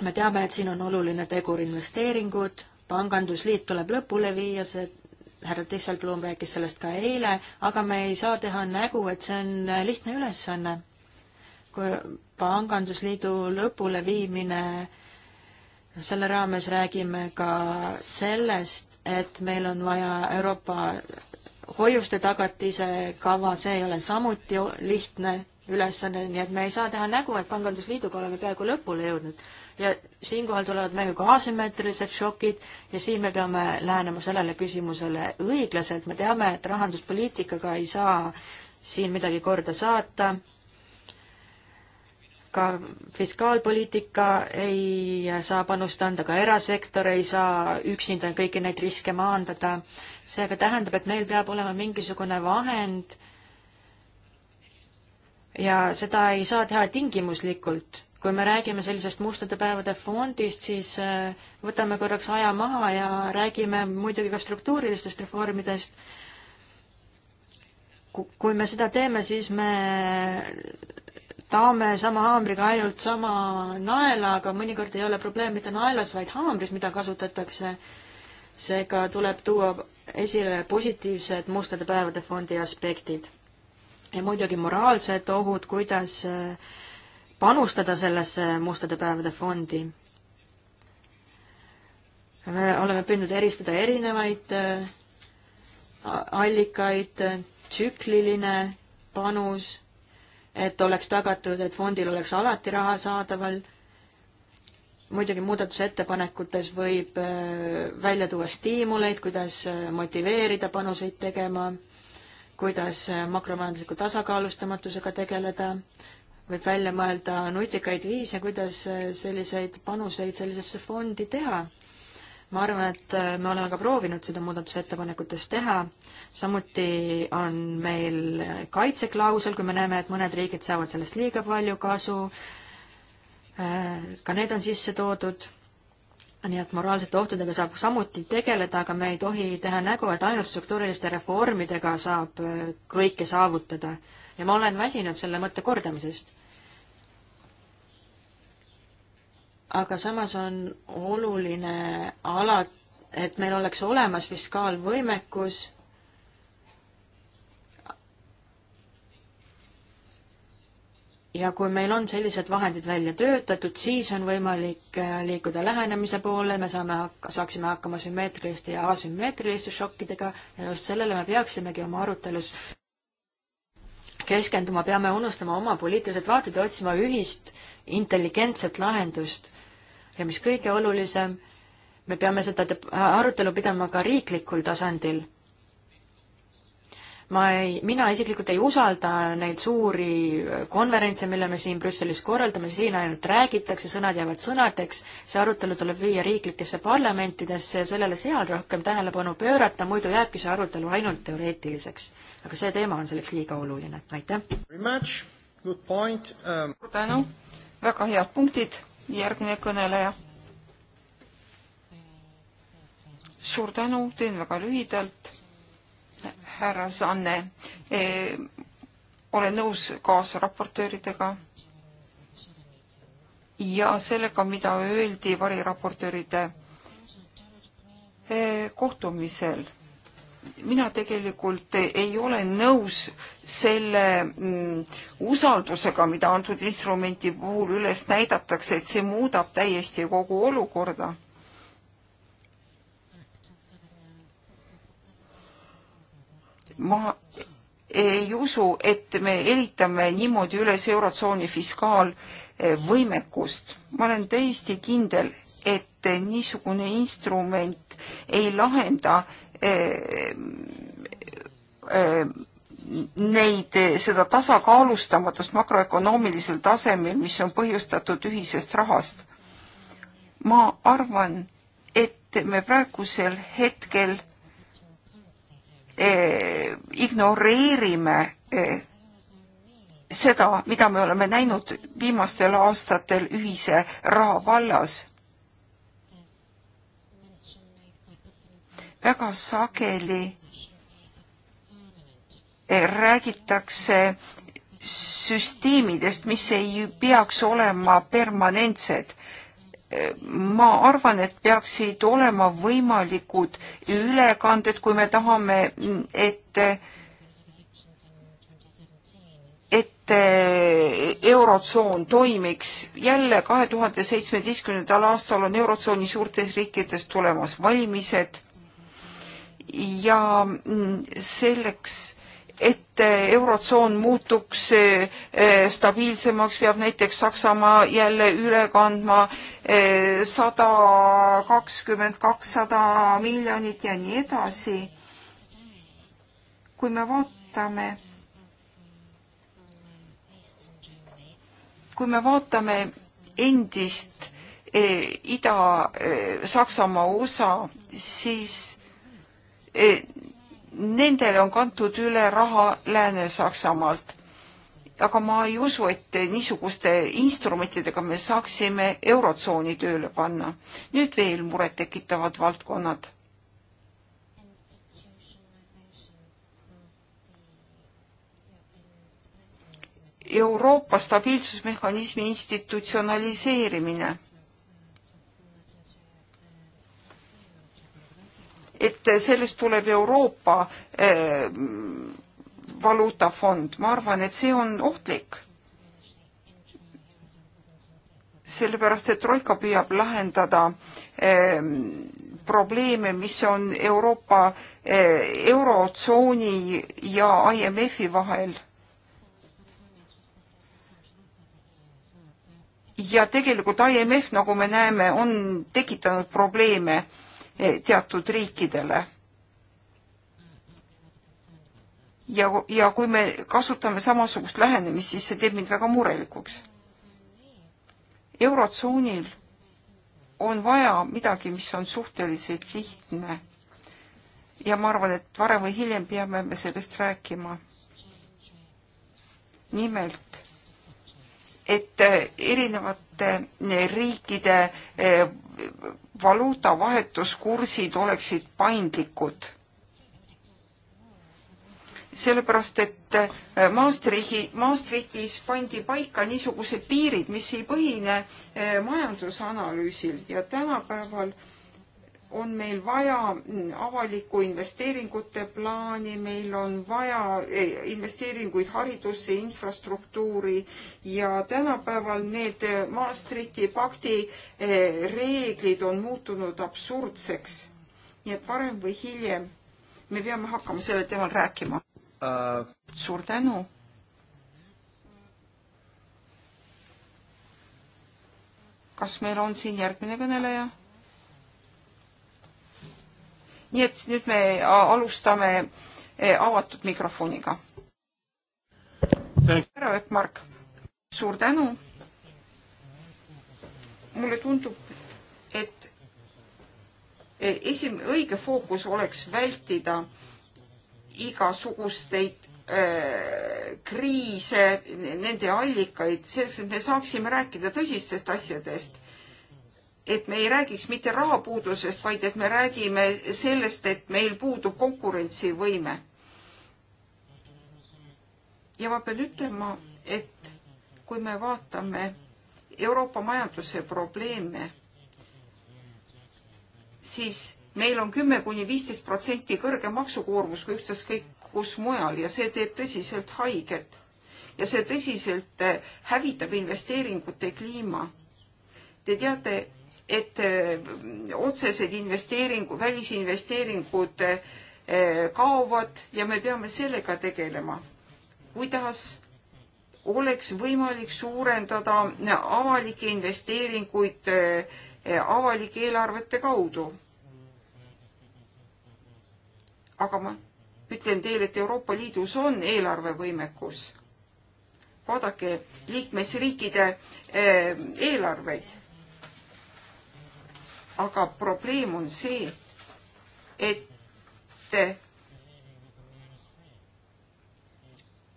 me teame, et siin on oluline tegur investeeringud, pangandusliit tuleb lõpule viia, see härra Tisselblom rääkis sellest ka eile, aga me ei saa teha nägu, et see on lihtne ülesanne pangandusliidu lõpuleviimine, selle raames räägime ka sellest, et meil on vaja Euroopa hoiuste tagatise kava, see ei ole samuti lihtne ülesanne, nii et me ei saa teha nägu, et pangandusliiduga oleme peaaegu lõpule jõudnud. ja siinkohal tulevad mängu ka asümmeetrilised šokid ja siin me peame lähenema sellele küsimusele õiglaselt, me teame, et rahanduspoliitikaga ei saa siin midagi korda saata ka fiskaalpoliitika ei saa panust anda, ka erasektor ei saa üksinda kõiki neid riske maandada. see aga tähendab, et meil peab olema mingisugune vahend ja seda ei saa teha tingimuslikult. kui me räägime sellisest mustade päevade fondist, siis äh, võtame korraks aja maha ja räägime muidugi ka struktuurilistest reformidest. kui me seda teeme, siis me taome sama haamriga ainult sama naela, aga mõnikord ei ole probleem mitte naelas, vaid haamris, mida kasutatakse. seega tuleb tuua esile positiivsed mustade päevade fondi aspektid. ja muidugi moraalsed ohud, kuidas eh, panustada sellesse mustade päevade fondi. me oleme püüdnud eristada erinevaid eh, allikaid, tsükliline panus et oleks tagatud, et fondil oleks alati raha saadaval. muidugi muudatusettepanekutes võib äh, välja tuua stiimuleid, kuidas äh, motiveerida panuseid tegema, kuidas äh, makromajandusliku tasakaalustamatusega tegeleda, võib välja mõelda nutikaid viise, kuidas selliseid panuseid sellisesse fondi teha ma arvan, et äh, me oleme ka proovinud seda muudatusettepanekutes teha, samuti on meil kaitseklausel, kui me näeme, et mõned riigid saavad sellest liiga palju kasu, äh, ka need on sisse toodud, nii et moraalsete ohtudega saab samuti tegeleda, aga me ei tohi teha nägu, et ainult struktuuriliste reformidega saab äh, kõike saavutada. ja ma olen väsinud selle mõtte kordamisest aga samas on oluline ala, et meil oleks olemas fiskaalvõimekus ja kui meil on sellised vahendid välja töötatud, siis on võimalik äh, liikuda lähenemise poole, me saame, saaksime hakkama sümmeetriliste ja asümmeetriliste šokkidega ja just sellele me peaksimegi oma arutelus keskenduma, peame unustama oma poliitilised vaated ja otsima ühist intelligentset lahendust ja mis kõige olulisem, me peame seda arutelu pidama ka riiklikul tasandil. ma ei, mina isiklikult ei usalda neid suuri konverentse, mille me siin Brüsselis korraldame, siin ainult räägitakse, sõnad jäävad sõnadeks, see arutelu tuleb viia riiklikesse parlamentidesse ja sellele seal rohkem tähelepanu pöörata, muidu jääbki see arutelu ainult teoreetiliseks. aga see teema on selleks liiga oluline, aitäh! Um, suur tänu, väga head punktid järgmine kõneleja. suur tänu, teen väga lühidalt. härra Sanne eh,, olen nõus kaasraportööridega ja sellega, mida öeldi variraportööride eh, kohtumisel mina tegelikult ei ole nõus selle mm, usaldusega, mida antud instrumenti puhul üles näidatakse, et see muudab täiesti kogu olukorda. ma ei usu, et me eritame niimoodi üles Eurotsooni fiskaalvõimekust. ma olen täiesti kindel, et niisugune instrument ei lahenda Eh, eh, neid, seda tasakaalustamatust makroökonoomilisel tasemel, mis on põhjustatud ühisest rahast. ma arvan, et me praegusel hetkel eh, ignoreerime seda, mida me oleme näinud viimastel aastatel ühise raha vallas väga sageli eh, räägitakse süsteemidest, mis ei peaks olema permanentsed. Eh, ma arvan, et peaksid olema võimalikud ülekanded, kui me tahame, mm, et eh, et Eurotsoon toimiks. jälle kahe tuhande seitsmeteistkümnendal aastal on Eurotsooni suurtes riikides tulemas valimised ja mm, selleks, et äh, Eurotsoon muutuks äh, äh, stabiilsemaks, peab näiteks Saksamaa jälle üle kandma sada kakskümmend, kakssada miljonit ja nii edasi. kui me vaatame, kui me vaatame endist Ida-Saksamaa osa, siis E, nendele on kantud üle raha Lääne-Saksamaalt. aga ma ei usu, et niisuguste instrumentidega me saaksime Eurotsooni tööle panna. nüüd veel murettekitavad valdkonnad. Euroopa stabiilsusmehhanismi institutsionaliseerimine et sellest tuleb Euroopa eh, valuutafond, ma arvan, et see on ohtlik. sellepärast, et Troika püüab lahendada eh, probleeme, mis on Euroopa eh, Eurotsooni ja IMF-i vahel ja tegelikult IMF, nagu me näeme, on tekitanud probleeme Eh, teatud riikidele. ja, ja kui me kasutame samasugust lähenemist, siis see teeb mind väga murelikuks. eurotsoonil on vaja midagi, mis on suhteliselt lihtne. ja ma arvan, et varem või hiljem peame me sellest rääkima. nimelt, et eh, erinevate eh, riikide valuutavahetuskursid oleksid paindlikud. sellepärast, et äh, Maastrichti, Maastrichtis pandi paika niisugused piirid, mis ei põhine äh, majandusanalüüsil ja tänapäeval äh, on meil vaja avalikku investeeringute plaani, meil on vaja eh, investeeringuid haridusse, infrastruktuuri ja tänapäeval need Maastrichti pakti eh, reeglid on muutunud absurdseks. nii et varem või hiljem me peame hakkama sellel teemal rääkima uh.... suur tänu. kas meil on siin järgmine kõneleja? nii et nüüd me alustame e, avatud mikrofoniga. härra Ökmark, suur tänu. mulle tundub, et e, esim-, õige fookus oleks vältida igasugusteid öö, e, kriise, nende allikaid, selleks, et me saaksime rääkida tõsistest asjadest et me ei räägiks mitte rahapuudusest, vaid et me räägime sellest, et meil puudub konkurentsivõime. ja ma pean ütlema, et kui me vaatame Euroopa majanduse probleeme, siis meil on kümme kuni viisteist protsenti kõrgem maksukoormus kui ükstaskõik kus mujal ja see teeb tõsiselt haiget ja see tõsiselt hävitab investeeringute kliima. Te teate, et eh, otsesed investeeringu, välisinvesteeringud eh, kaovad ja me peame sellega tegelema. kuidas oleks võimalik suurendada avalikke investeeringuid eh, avalike eelarvete kaudu? aga ma ütlen teile, et Euroopa Liidus on eelarvevõimekus. vaadake liikmesriikide eelarveid aga probleem on see, et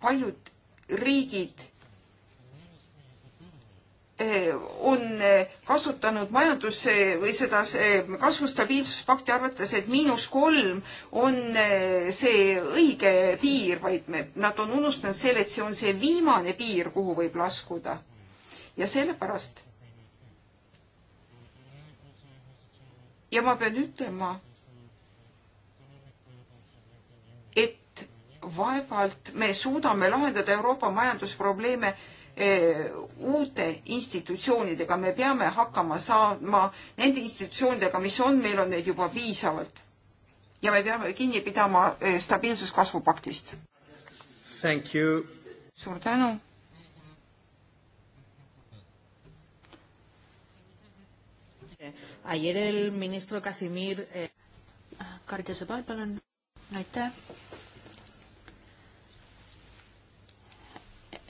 paljud riigid eh, on eh, kasutanud majandus või seda eh, kasvustabiilsuspakti arvates, et miinus kolm on see õige piir, vaid me, nad on unustanud selle, et see on see viimane piir, kuhu võib laskuda. ja sellepärast ja ma pean ütlema, et vaevalt me suudame lahendada Euroopa majandusprobleeme eh, uute institutsioonidega, me peame hakkama saama nende institutsioonidega, mis on, meil on neid juba piisavalt. ja me peame kinni pidama eh, stabiilsuskasvupaktist. suur tänu Ayer el ministro Casimir eh... Kardi Sõbal, palun. aitäh.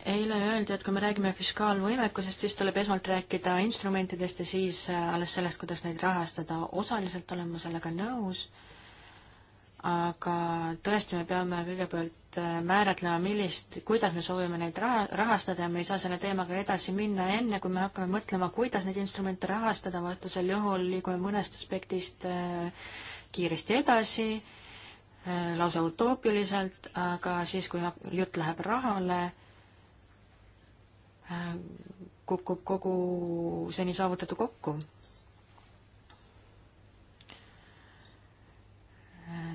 eile öeldi, et kui me räägime fiskaalvõimekusest, siis tuleb esmalt rääkida instrumentidest ja siis äh, alles sellest, kuidas neid rahastada. osaliselt olen ma sellega nõus aga tõesti, me peame kõigepealt äh, määratlema, millist, kuidas me soovime neid raha, rahastada ja me ei saa selle teemaga edasi minna enne, kui me hakkame mõtlema, kuidas neid instrumente rahastada, vastasel juhul liigume mõnest aspektist äh, kiiresti edasi, äh, lausa utoopiliselt, aga siis, kui jutt läheb rahale, kukub kogu seni saavutatu kokku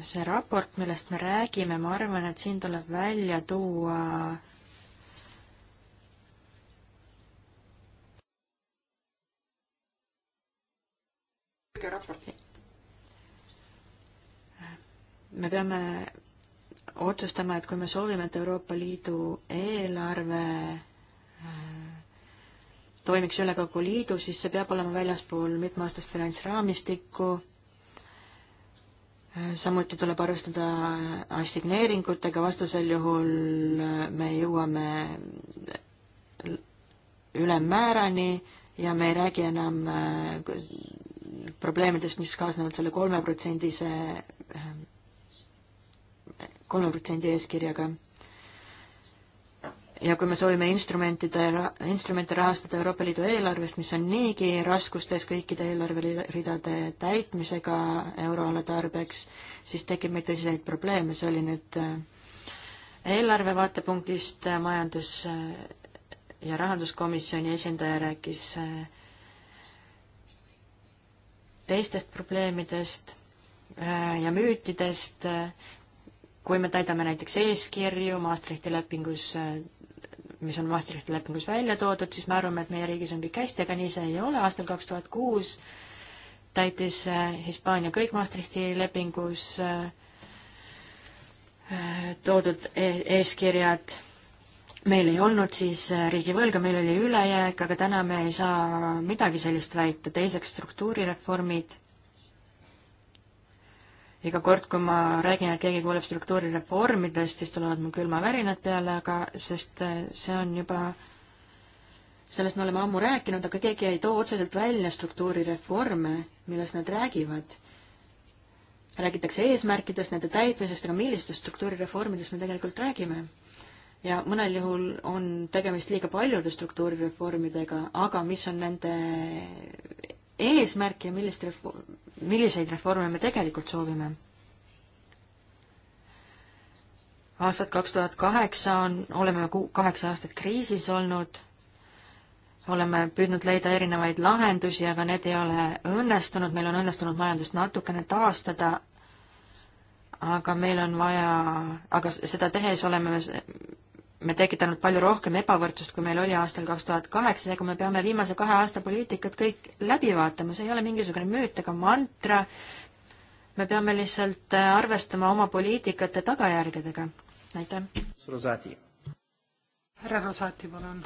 see raport, millest me räägime, ma arvan, et siin tuleb välja tuua me peame otsustama, et kui me soovime, et Euroopa Liidu eelarve äh, toimiks üle kogu liidu, siis see peab olema väljaspool mitmeaastast finantsraamistikku samuti tuleb arvestada assigneeringutega, vastasel juhul äh, me jõuame äh, ülemmäärani ja me ei räägi enam äh, probleemidest, mis kaasnevad selle kolmeprotsendise, kolme protsendi eeskirjaga ja kui me soovime instrumentide, instrumente rahastada Euroopa Liidu eelarvest, mis on niigi raskustes kõikide eelarveridade täitmisega euroala tarbeks, siis tekib meil tõsiseid probleeme, see oli nüüd äh, eelarve vaatepunktist äh, majandus- äh, ja rahanduskomisjoni esindaja rääkis teistest probleemidest ja müütidest, kui me täidame näiteks eeskirju, Maastrichti lepingus mis on Maastrichti lepingus välja toodud, siis me arvame, et meie riigis on kõik hästi, aga nii see ei ole. aastal kaks tuhat kuus täitis äh, Hispaania kõik Maastrichti lepingus äh, äh, toodud e-, eeskirjad meil ei olnud siis riigivõlga, meil oli ülejääk, aga täna me ei saa midagi sellist väita. teiseks struktuurireformid iga kord, kui ma räägin, et keegi kuuleb struktuurireformidest, siis tulevad mul külmavärinad peale, aga sest äh, see on juba, sellest me oleme ammu rääkinud, aga keegi ei too otseselt välja struktuurireforme, millest nad räägivad. räägitakse eesmärkidest, nende täitmisest, aga millistest struktuurireformidest me tegelikult räägime? ja mõnel juhul on tegemist liiga paljude struktuurireformidega, aga mis on nende eesmärki ja millist refo-, milliseid reforme me tegelikult soovime. aastat kaks tuhat kaheksa on, oleme ku-, kaheksa aastat kriisis olnud, oleme püüdnud leida erinevaid lahendusi, aga need ei ole õnnestunud, meil on õnnestunud majandust natukene taastada, aga meil on vaja, aga seda tehes oleme me tekitanud palju rohkem ebavõrdsust, kui meil oli aastal kaks tuhat kaheksa, seega me peame viimase kahe aasta poliitikat kõik läbi vaatama, see ei ole mingisugune müüt ega mantra, me peame lihtsalt äh, arvestama oma poliitikate tagajärgedega. aitäh! Rosati. härra Rosati, palun!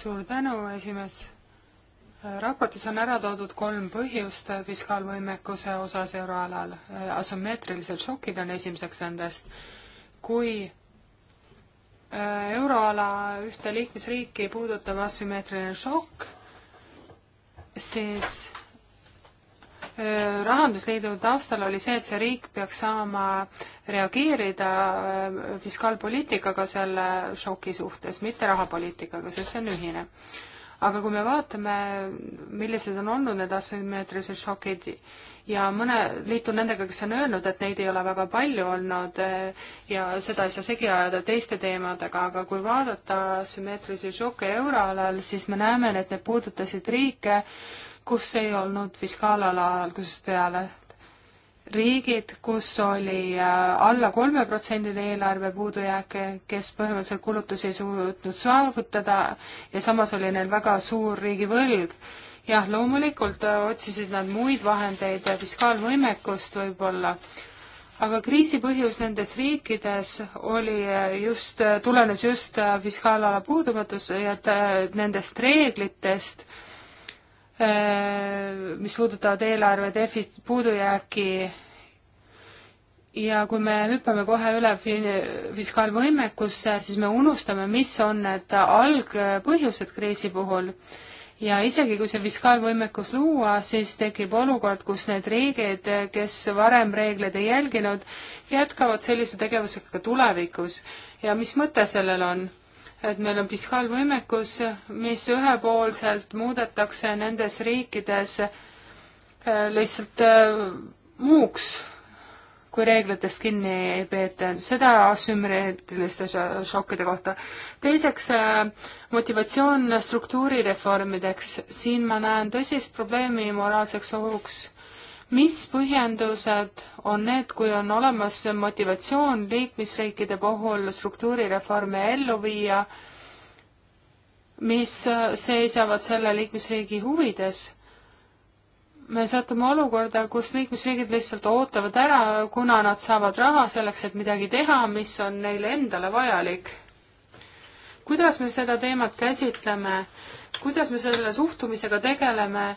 suur tänu, esimees! Äh, raportis on ära toodud kolm põhjust äh, fiskaalvõimekuse osas euroalal. asümmeetrilised šokid on esimeseks nendest. kui Äh, euroala ühte liikmesriiki puudutav asümmeetriline šokk, siis äh, Rahandusliidu taustal oli see, et see riik peaks saama reageerida äh, fiskaalpoliitikaga selle šoki suhtes, mitte rahapoliitikaga, sest see on ühine aga kui me vaatame, millised on olnud need asümmeetrilised šokid ja mõne, liitun nendega, kes on öelnud, et neid ei ole väga palju olnud eh, ja seda ei saa segi ajada teiste teemadega, aga kui vaadata asümmeetrilisi šokke euroalal, siis me näeme, et need puudutasid riike, kus ei olnud fiskaalala algusest peale riigid, kus oli äh, alla kolme protsendine eelarve puudujääk, kes põhimõtteliselt kulutusi ei suutnud saavutada ja samas oli neil väga suur riigivõlg. jah, loomulikult äh, otsisid nad muid vahendeid, fiskaalvõimekust võib-olla, aga kriisi põhjus nendes riikides oli äh, just, tulenes just fiskaalala puudumatus ja nendest reeglitest, mis puudutavad eelarve defi-, puudujääki ja kui me hüppame kohe üle fiskaalvõimekusse, siis me unustame, mis on need algpõhjused kriisi puhul. ja isegi, kui see fiskaalvõimekus luua, siis tekib olukord, kus need riigid, kes varem reegleid ei jälginud, jätkavad sellise tegevusega ka tulevikus. ja mis mõte sellel on? et meil on fiskaalvõimekus, mis ühepoolselt muudetakse nendes riikides äh, lihtsalt äh, muuks, kui reeglitest kinni ei peeta, seda asümmeetriliste šokkide kohta. teiseks, äh, motivatsioon struktuurireformideks, siin ma näen tõsist probleemi moraalseks ohuks mis põhjendused on need, kui on olemas motivatsioon liikmesriikide puhul struktuurireforme ellu viia, mis seisavad selle liikmesriigi huvides? me satume olukorda, kus liikmesriigid lihtsalt ootavad ära, kuna nad saavad raha selleks, et midagi teha, mis on neile endale vajalik. kuidas me seda teemat käsitleme, kuidas me selle suhtumisega tegeleme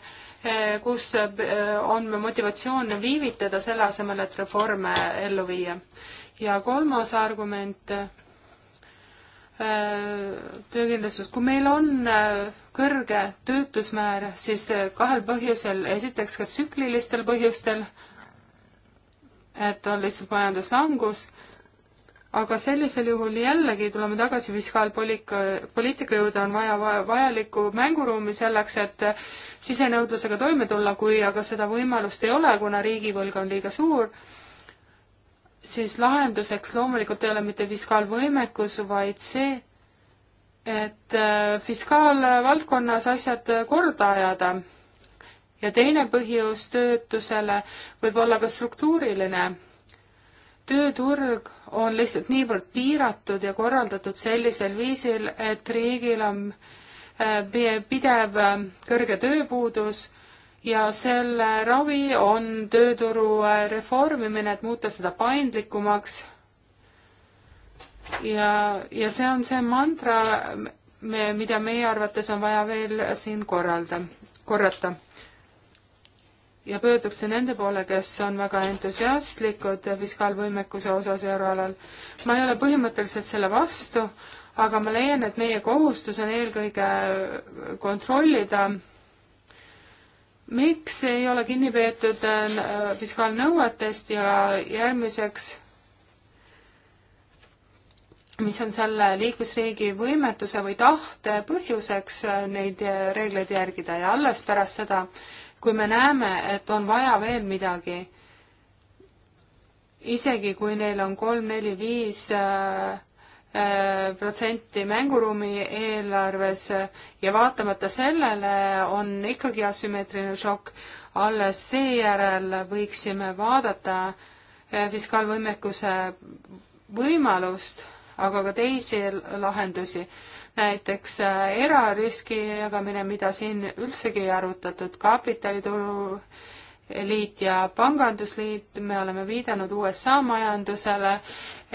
Eh, kus eh, on motivatsioon viivitada selle asemel, et reforme ellu viia. ja kolmas argument, eh, töökindlustus, kui meil on kõrge töötusmäär, siis kahel põhjusel, esiteks kas tsüklilistel põhjustel, et on lihtsalt majanduslangus, aga sellisel juhul jällegi tuleme tagasi fiskaalpoliitika, poliitika juurde, on vaja vajalikku mänguruumi selleks, et sisenõudlusega toime tulla, kui aga seda võimalust ei ole, kuna riigivõlg on liiga suur, siis lahenduseks loomulikult ei ole mitte fiskaalvõimekus, vaid see, et äh, fiskaalvaldkonnas asjad korda ajada. ja teine põhjus töötusele võib olla ka struktuuriline tööturg on lihtsalt niivõrd piiratud ja korraldatud sellisel viisil, et riigil on äh, pidev äh, kõrge tööpuudus ja selle ravi on tööturu äh, reformimine, et muuta seda paindlikumaks. ja, ja see on see mantra, me, mida meie arvates on vaja veel siin korralda, korrata ja pöördukse nende poole, kes on väga entusiastlikud fiskaalvõimekuse osas euroalal. ma ei ole põhimõtteliselt selle vastu, aga ma leian, et meie kohustus on eelkõige kontrollida, miks ei ole kinni peetud äh, fiskaalnõuetest ja järgmiseks, mis on selle liikmesriigi võimetuse või tahte põhjuseks äh, neid äh, reegleid järgida ja alles pärast seda kui me näeme, et on vaja veel midagi, isegi kui neil on kolm, neli, viis äh, äh, protsenti mänguruumi eelarves ja vaatamata sellele on ikkagi asümmeetriline šokk, alles seejärel võiksime vaadata äh, fiskaalvõimekuse võimalust, aga ka teisi lahendusi näiteks äh, erariski jagamine, mida siin üldsegi ei arutatud, kapitalitulu liit ja pangandusliit, me oleme viidanud USA majandusele,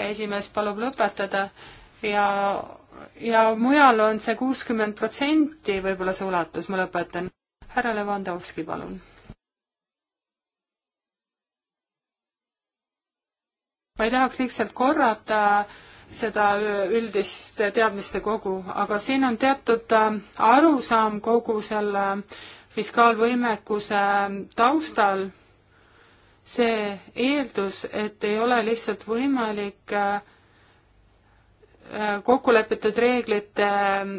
esimees palub lõpetada ja, ja mujal on see kuuskümmend protsenti võib-olla see ulatus, ma lõpetan. härra Levandovski, palun. ma ei tahaks lihtsalt korrata äh, seda äh, üldist teadmiste kogu, aga siin on teatud äh, arusaam kogu selle fiskaalvõimekuse taustal, see eeldus, et ei ole lihtsalt võimalik äh, kokkulepitud reeglite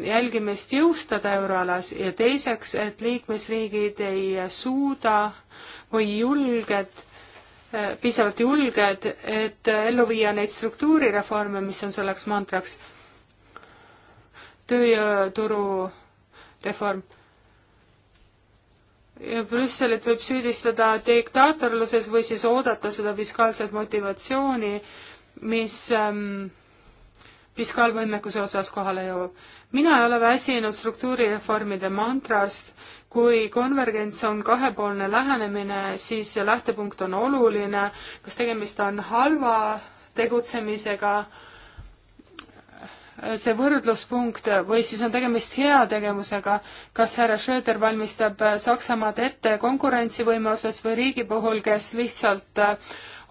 jälgimist jõustada euroalas ja teiseks, et liikmesriigid ei suuda või julged piisavalt julged, et ellu viia neid struktuurireforme, mis on selleks mantraks. tööjõuturu reform. ja Brüsselit võib süüdistada diktaatorluses või siis oodata seda fiskaalset motivatsiooni, mis ähm, fiskaalvõimekuse osas kohale jõuab. mina ei ole väsinud struktuurireformide mantrast kui konvergents on kahepoolne lähenemine, siis lähtepunkt on oluline, kas tegemist on halva tegutsemisega, see võrdluspunkt või siis on tegemist heategevusega, kas härra Schröder valmistab Saksamaad ette konkurentsivõime osas või riigi puhul, kes lihtsalt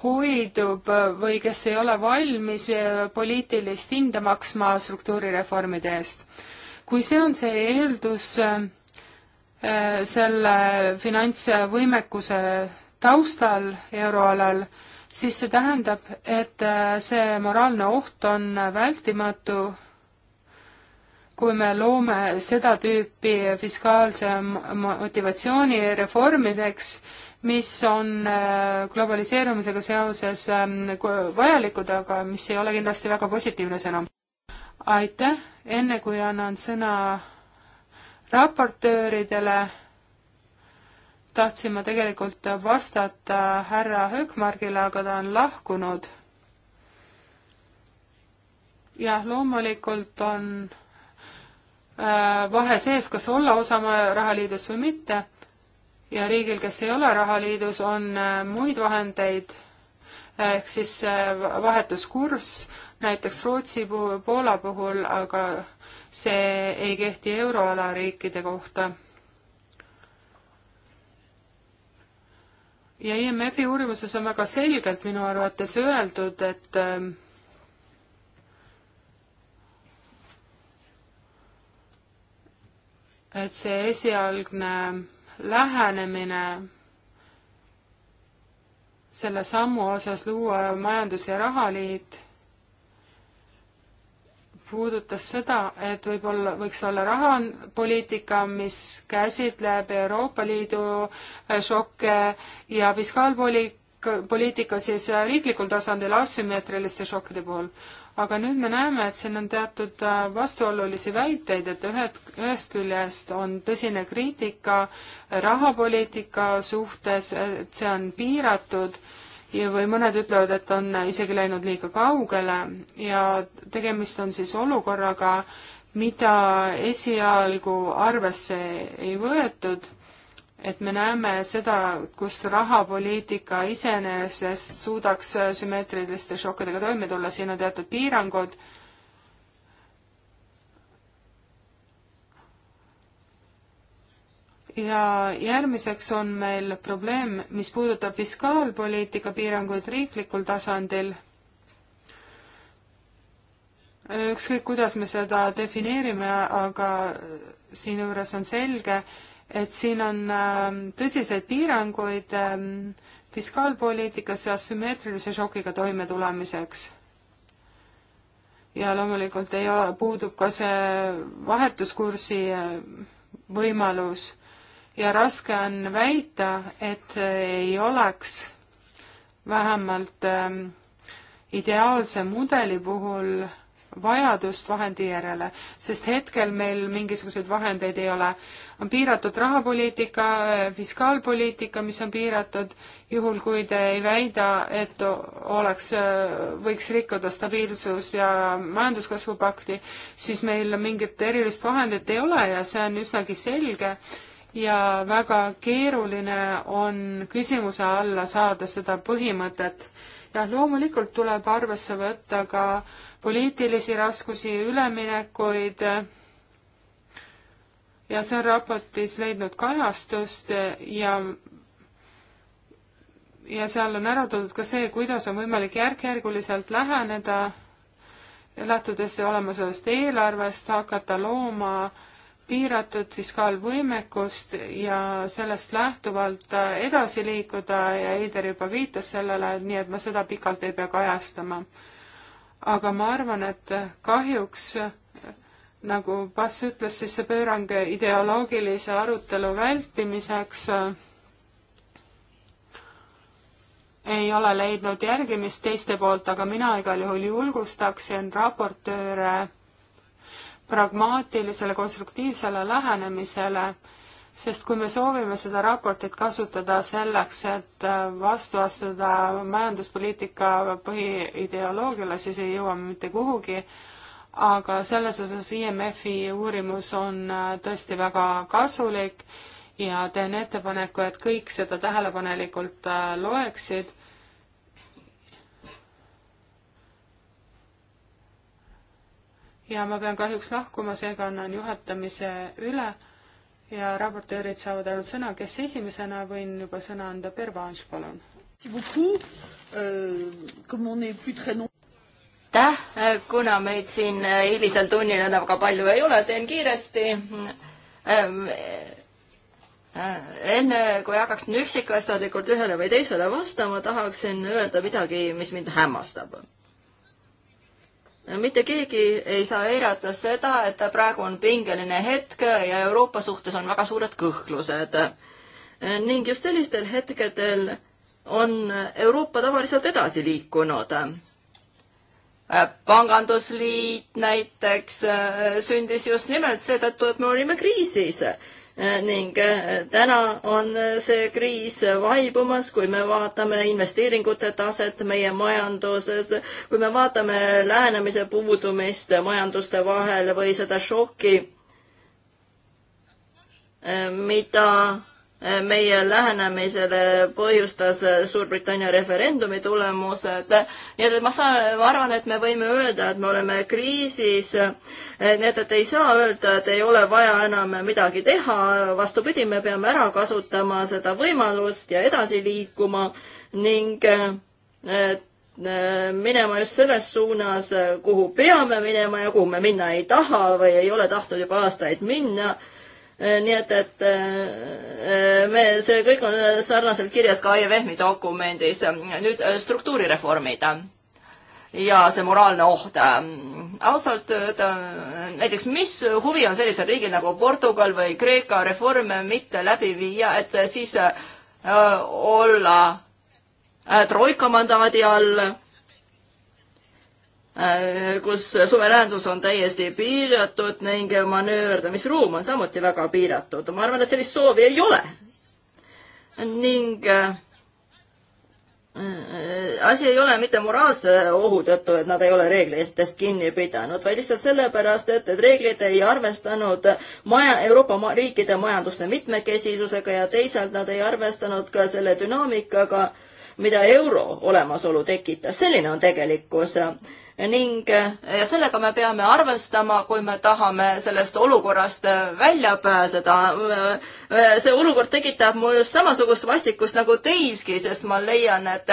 hoidub või kes ei ole valmis poliitilist hinda maksma struktuurireformide eest. kui see on see eeldus, Äh, selle finantsvõimekuse taustal euroalal, siis see tähendab, et äh, see moraalne oht on vältimatu, kui me loome seda tüüpi fiskaalse motivatsiooni reformideks, mis on äh, globaliseerumisega seoses ähm, vajalikud, aga mis ei ole kindlasti väga positiivne sõna. aitäh, enne kui annan sõna raportööridele tahtsin ma tegelikult vastata härra Höökmargile, aga ta on lahkunud. jah, loomulikult on äh, vahe sees, kas olla osa rahaliidus või mitte ja riigil, kes ei ole rahaliidus, on äh, muid vahendeid, ehk siis äh, vahetuskurss, näiteks Rootsi, Poola puhul, aga see ei kehti euroala riikide kohta. ja IMF-i uurimuses on väga selgelt minu arvates öeldud, et ähm, et see esialgne lähenemine selle sammu osas luua majandus- ja rahaliit puudutas seda, et võib-olla, võiks olla rahapoliitika, mis käsitleb Euroopa Liidu äh, šokke ja fiskaalpoliitika siis äh, riiklikul tasandil asümmeetriliste šokkide puhul. aga nüüd me näeme, et siin on teatud äh, vastuolulisi väiteid, et ühed, ühest küljest on tõsine kriitika rahapoliitika suhtes, et see on piiratud ja, või mõned ütlevad, et on isegi läinud liiga kaugele ja tegemist on siis olukorraga, mida esialgu arvesse ei võetud, et me näeme seda, kus rahapoliitika iseenesest suudaks sümmeetriliste šokkidega toime tulla, siin on teatud piirangud ja järgmiseks on meil probleem, mis puudutab fiskaalpoliitika piiranguid riiklikul tasandil. ükskõik, kuidas me seda defineerime, aga siinjuures on selge, et siin on ähm, tõsiseid piiranguid ähm, fiskaalpoliitikas asümmeetrilise šokiga toimetulemiseks ja loomulikult ei ole, puudub ka see vahetuskursi äh, võimalus ja raske on väita, et ei oleks vähemalt ähm, ideaalse mudeli puhul vajadust vahendi järele, sest hetkel meil mingisuguseid vahendeid ei ole. on piiratud rahapoliitika, äh, fiskaalpoliitika, mis on piiratud, juhul kui te ei väida, et oleks, äh, võiks rikkuda stabiilsus- ja majanduskasvupakti, siis meil mingit erilist vahendit ei ole ja see on üsnagi selge ja väga keeruline on küsimuse alla saada seda põhimõtet. jah, loomulikult tuleb arvesse võtta ka poliitilisi raskusi, üleminekuid ja see on raportis leidnud kajastust ja ja seal on ära toodud ka see, kuidas on võimalik järk-järguliselt läheneda, lähtudes olemasolevast eelarvest, hakata looma piiratud fiskaalvõimekust ja sellest lähtuvalt edasi liikuda ja Heider juba viitas sellele, nii et ma seda pikalt ei pea kajastama. aga ma arvan, et kahjuks nagu Bass ütles, siis see pöörang ideoloogilise arutelu vältimiseks ei ole leidnud järgimist teiste poolt, aga mina igal juhul julgustaksin raportööre pragmaatilisele konstruktiivsele lähenemisele, sest kui me soovime seda raportit kasutada selleks, et äh, vastu astuda majanduspoliitika põhiideoloogiale, siis ei jõua me mitte kuhugi, aga selles osas IMF-i uurimus on äh, tõesti väga kasulik ja teen ettepaneku, et kõik seda tähelepanelikult äh, loeksid ja ma pean kahjuks lahkuma, seega annan juhatamise üle ja raportöörid saavad ainult sõna, kes esimesena, võin juba sõna anda, Pervanš, palun. Euh, aitäh, kuna meid siin hilisel tunnil enam väga palju ei ole, teen kiiresti. Ähm, äh, enne kui hakkaksin üksikasjalikult ühele või teisele vastama, tahaksin öelda midagi, mis mind hämmastab mitte keegi ei saa eirata seda, et praegu on pingeline hetk ja Euroopa suhtes on väga suured kõhklused. ning just sellistel hetkedel on Euroopa tavaliselt edasi liikunud. pangandusliit näiteks sündis just nimelt seetõttu, et me olime kriisis Äh, ning äh, täna on äh, see kriis vaibumas, kui me vaatame investeeringute taset meie majanduses, kui me vaatame lähenemise puudumist majanduste vahel või seda šokki, mida meie lähenemisele põhjustas Suurbritannia referendumi tulemused. nii et ma saan, ma arvan, et me võime öelda, et me oleme kriisis. nii et, et ei saa öelda, et ei ole vaja enam midagi teha. vastupidi, me peame ära kasutama seda võimalust ja edasi liikuma ning äh, minema just selles suunas, kuhu peame minema ja kuhu me minna ei taha või ei ole tahtnud juba aastaid minna Äh, nii et, et äh, äh, me, see kõik on sarnaselt kirjas ka IMF-i dokumendis. nüüd struktuurireformid ja see moraalne oht. ausalt öelda, näiteks mis huvi on sellisel riigil nagu Portugal või Kreeka reforme mitte läbi viia, et siis äh, olla äh, troika mandaadi all Äh, kus suveräänsus on täiesti piiratud ning manööverdamisruum on samuti väga piiratud. ma arvan, et sellist soovi ei ole. ning äh, asi ei ole mitte moraalse ohu tõttu, et nad ei ole reeglitest kinni pidanud, vaid lihtsalt sellepärast, et, et reeglid ei arvestanud maja, Euroopa ma riikide majanduste mitmekesisusega ja teisalt nad ei arvestanud ka selle dünaamikaga, mida euro olemasolu tekitas. selline on tegelikkus ning eh, sellega me peame arvestama, kui me tahame sellest olukorrast eh, välja pääseda. Eh, see olukord tekitab mul samasugust vastikust nagu teiski, sest ma leian, et,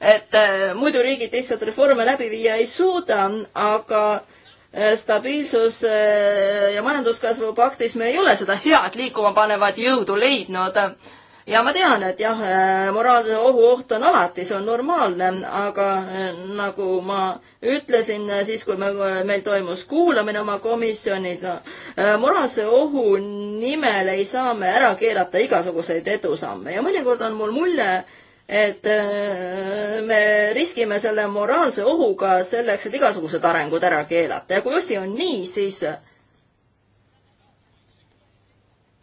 et muidu riigid lihtsalt reforme läbi viia ei suuda, aga stabiilsus ja majanduskasvu paktis me ei ole seda head liikuma panevat jõudu leidnud ja ma tean, et jah, eh, moraalne ohuoht on alati, see on normaalne, aga eh, nagu ma ütlesin eh, siis, kui me, meil toimus kuulamine oma komisjonis, moraalse ohu nimel ei saa me ära keelata igasuguseid edusamme ja mõnikord on mul mulje, et me riskime selle moraalse ohuga selleks, et igasugused arengud ära keelata ja kui asi on nii, siis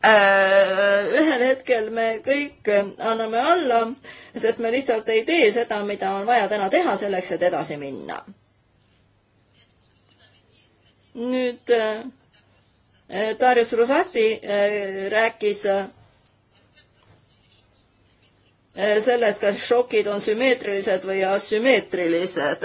Äh, ühel hetkel me kõik anname alla, sest me lihtsalt ei tee seda, mida on vaja täna teha selleks, et edasi minna. nüüd äh, Darius Rosati äh, rääkis sellest, kas šokid on sümmeetrilised või asümmeetrilised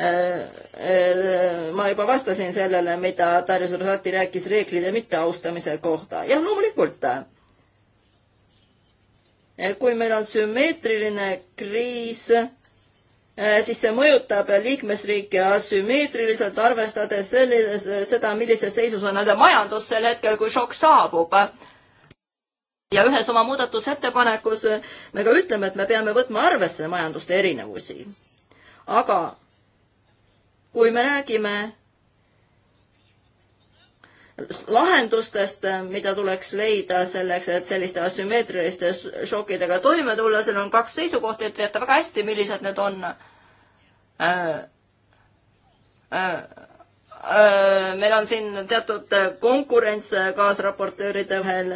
Äh, äh, ma juba vastasin sellele, mida Darja Surati rääkis reeglide mitteaustamise kohta. jah, loomulikult. Äh, kui meil on sümmeetriline kriis, siis see mõjutab liikmesriike asümmeetriliselt, arvestades selles, seda, millises seisus on nende majandus sel hetkel, kui šokk saabub ja ühes oma muudatusettepanekus me ka ütleme, et me peame võtma arvesse majanduste erinevusi. aga kui me räägime lahendustest, mida tuleks leida selleks, et selliste asümmeetriliste šokkidega toime tulla, seal on kaks seisukohta, ütlete väga hästi, millised need on äh, äh,. Äh, meil on siin teatud konkurents kaasraportööride vahel.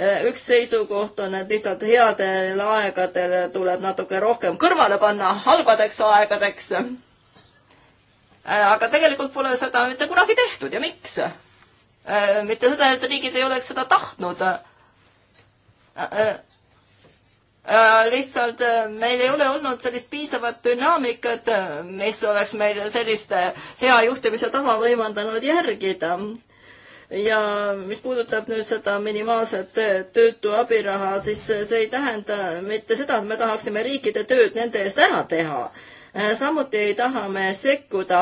Äh, üks seisukoht on, et lihtsalt headel aegadel tuleb natuke rohkem kõrvale panna halbadeks aegadeks Äh, aga tegelikult pole seda mitte kunagi tehtud ja miks? Äh, mitte seda, et riigid ei oleks seda tahtnud. Äh, lihtsalt meil ei ole olnud sellist piisavat dünaamikat, mis oleks meil sellist hea juhtimise tava võimaldanud järgida ja mis puudutab nüüd seda minimaalset töötu abiraha, siis see ei tähenda mitte seda, et me tahaksime riikide tööd nende eest ära teha Äh, samuti ei taha me sekkuda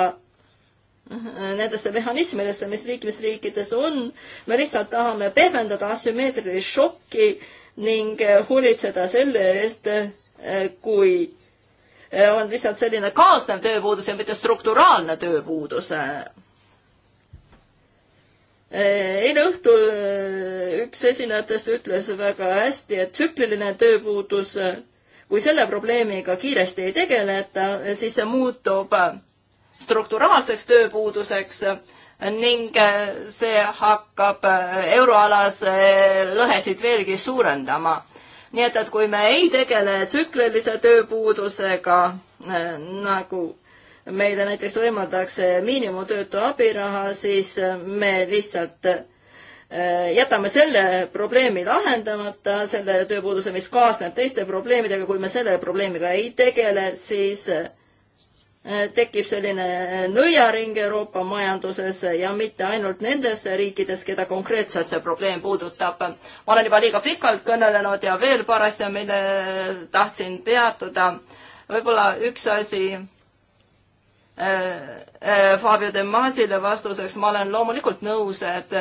äh, nendesse mehhanismidesse, mis liikmesriikides on. me lihtsalt tahame pehmendada asümmeetrilist šokki ning äh, hoolitseda selle eest, kui on lihtsalt selline kaasnev tööpuudus ja mitte strukturaalne tööpuudus. eile õhtul üks esinejatest ütles väga hästi, et tsükliline tööpuudus kui selle probleemiga kiiresti ei tegeleta, siis see muutub strukturaalseks tööpuuduseks ning see hakkab euroalas lõhesid veelgi suurendama. nii et, et kui me ei tegele tsüklilise tööpuudusega eh, nagu meile näiteks võimaldatakse miinimumtöötu abiraha, siis me lihtsalt Äh, jätame selle probleemi lahendamata, selle tööpuuduse, mis kaasneb teiste probleemidega, kui me selle probleemiga ei tegele, siis äh, tekib selline äh, nõiaring Euroopa majanduses ja mitte ainult nendes riikides, keda konkreetselt see probleem puudutab. ma olen juba liiga pikalt kõnelenud ja veel paar asja, mille tahtsin peatuda. võib-olla üks asi Fabio De Masile vastuseks, ma olen loomulikult nõus, et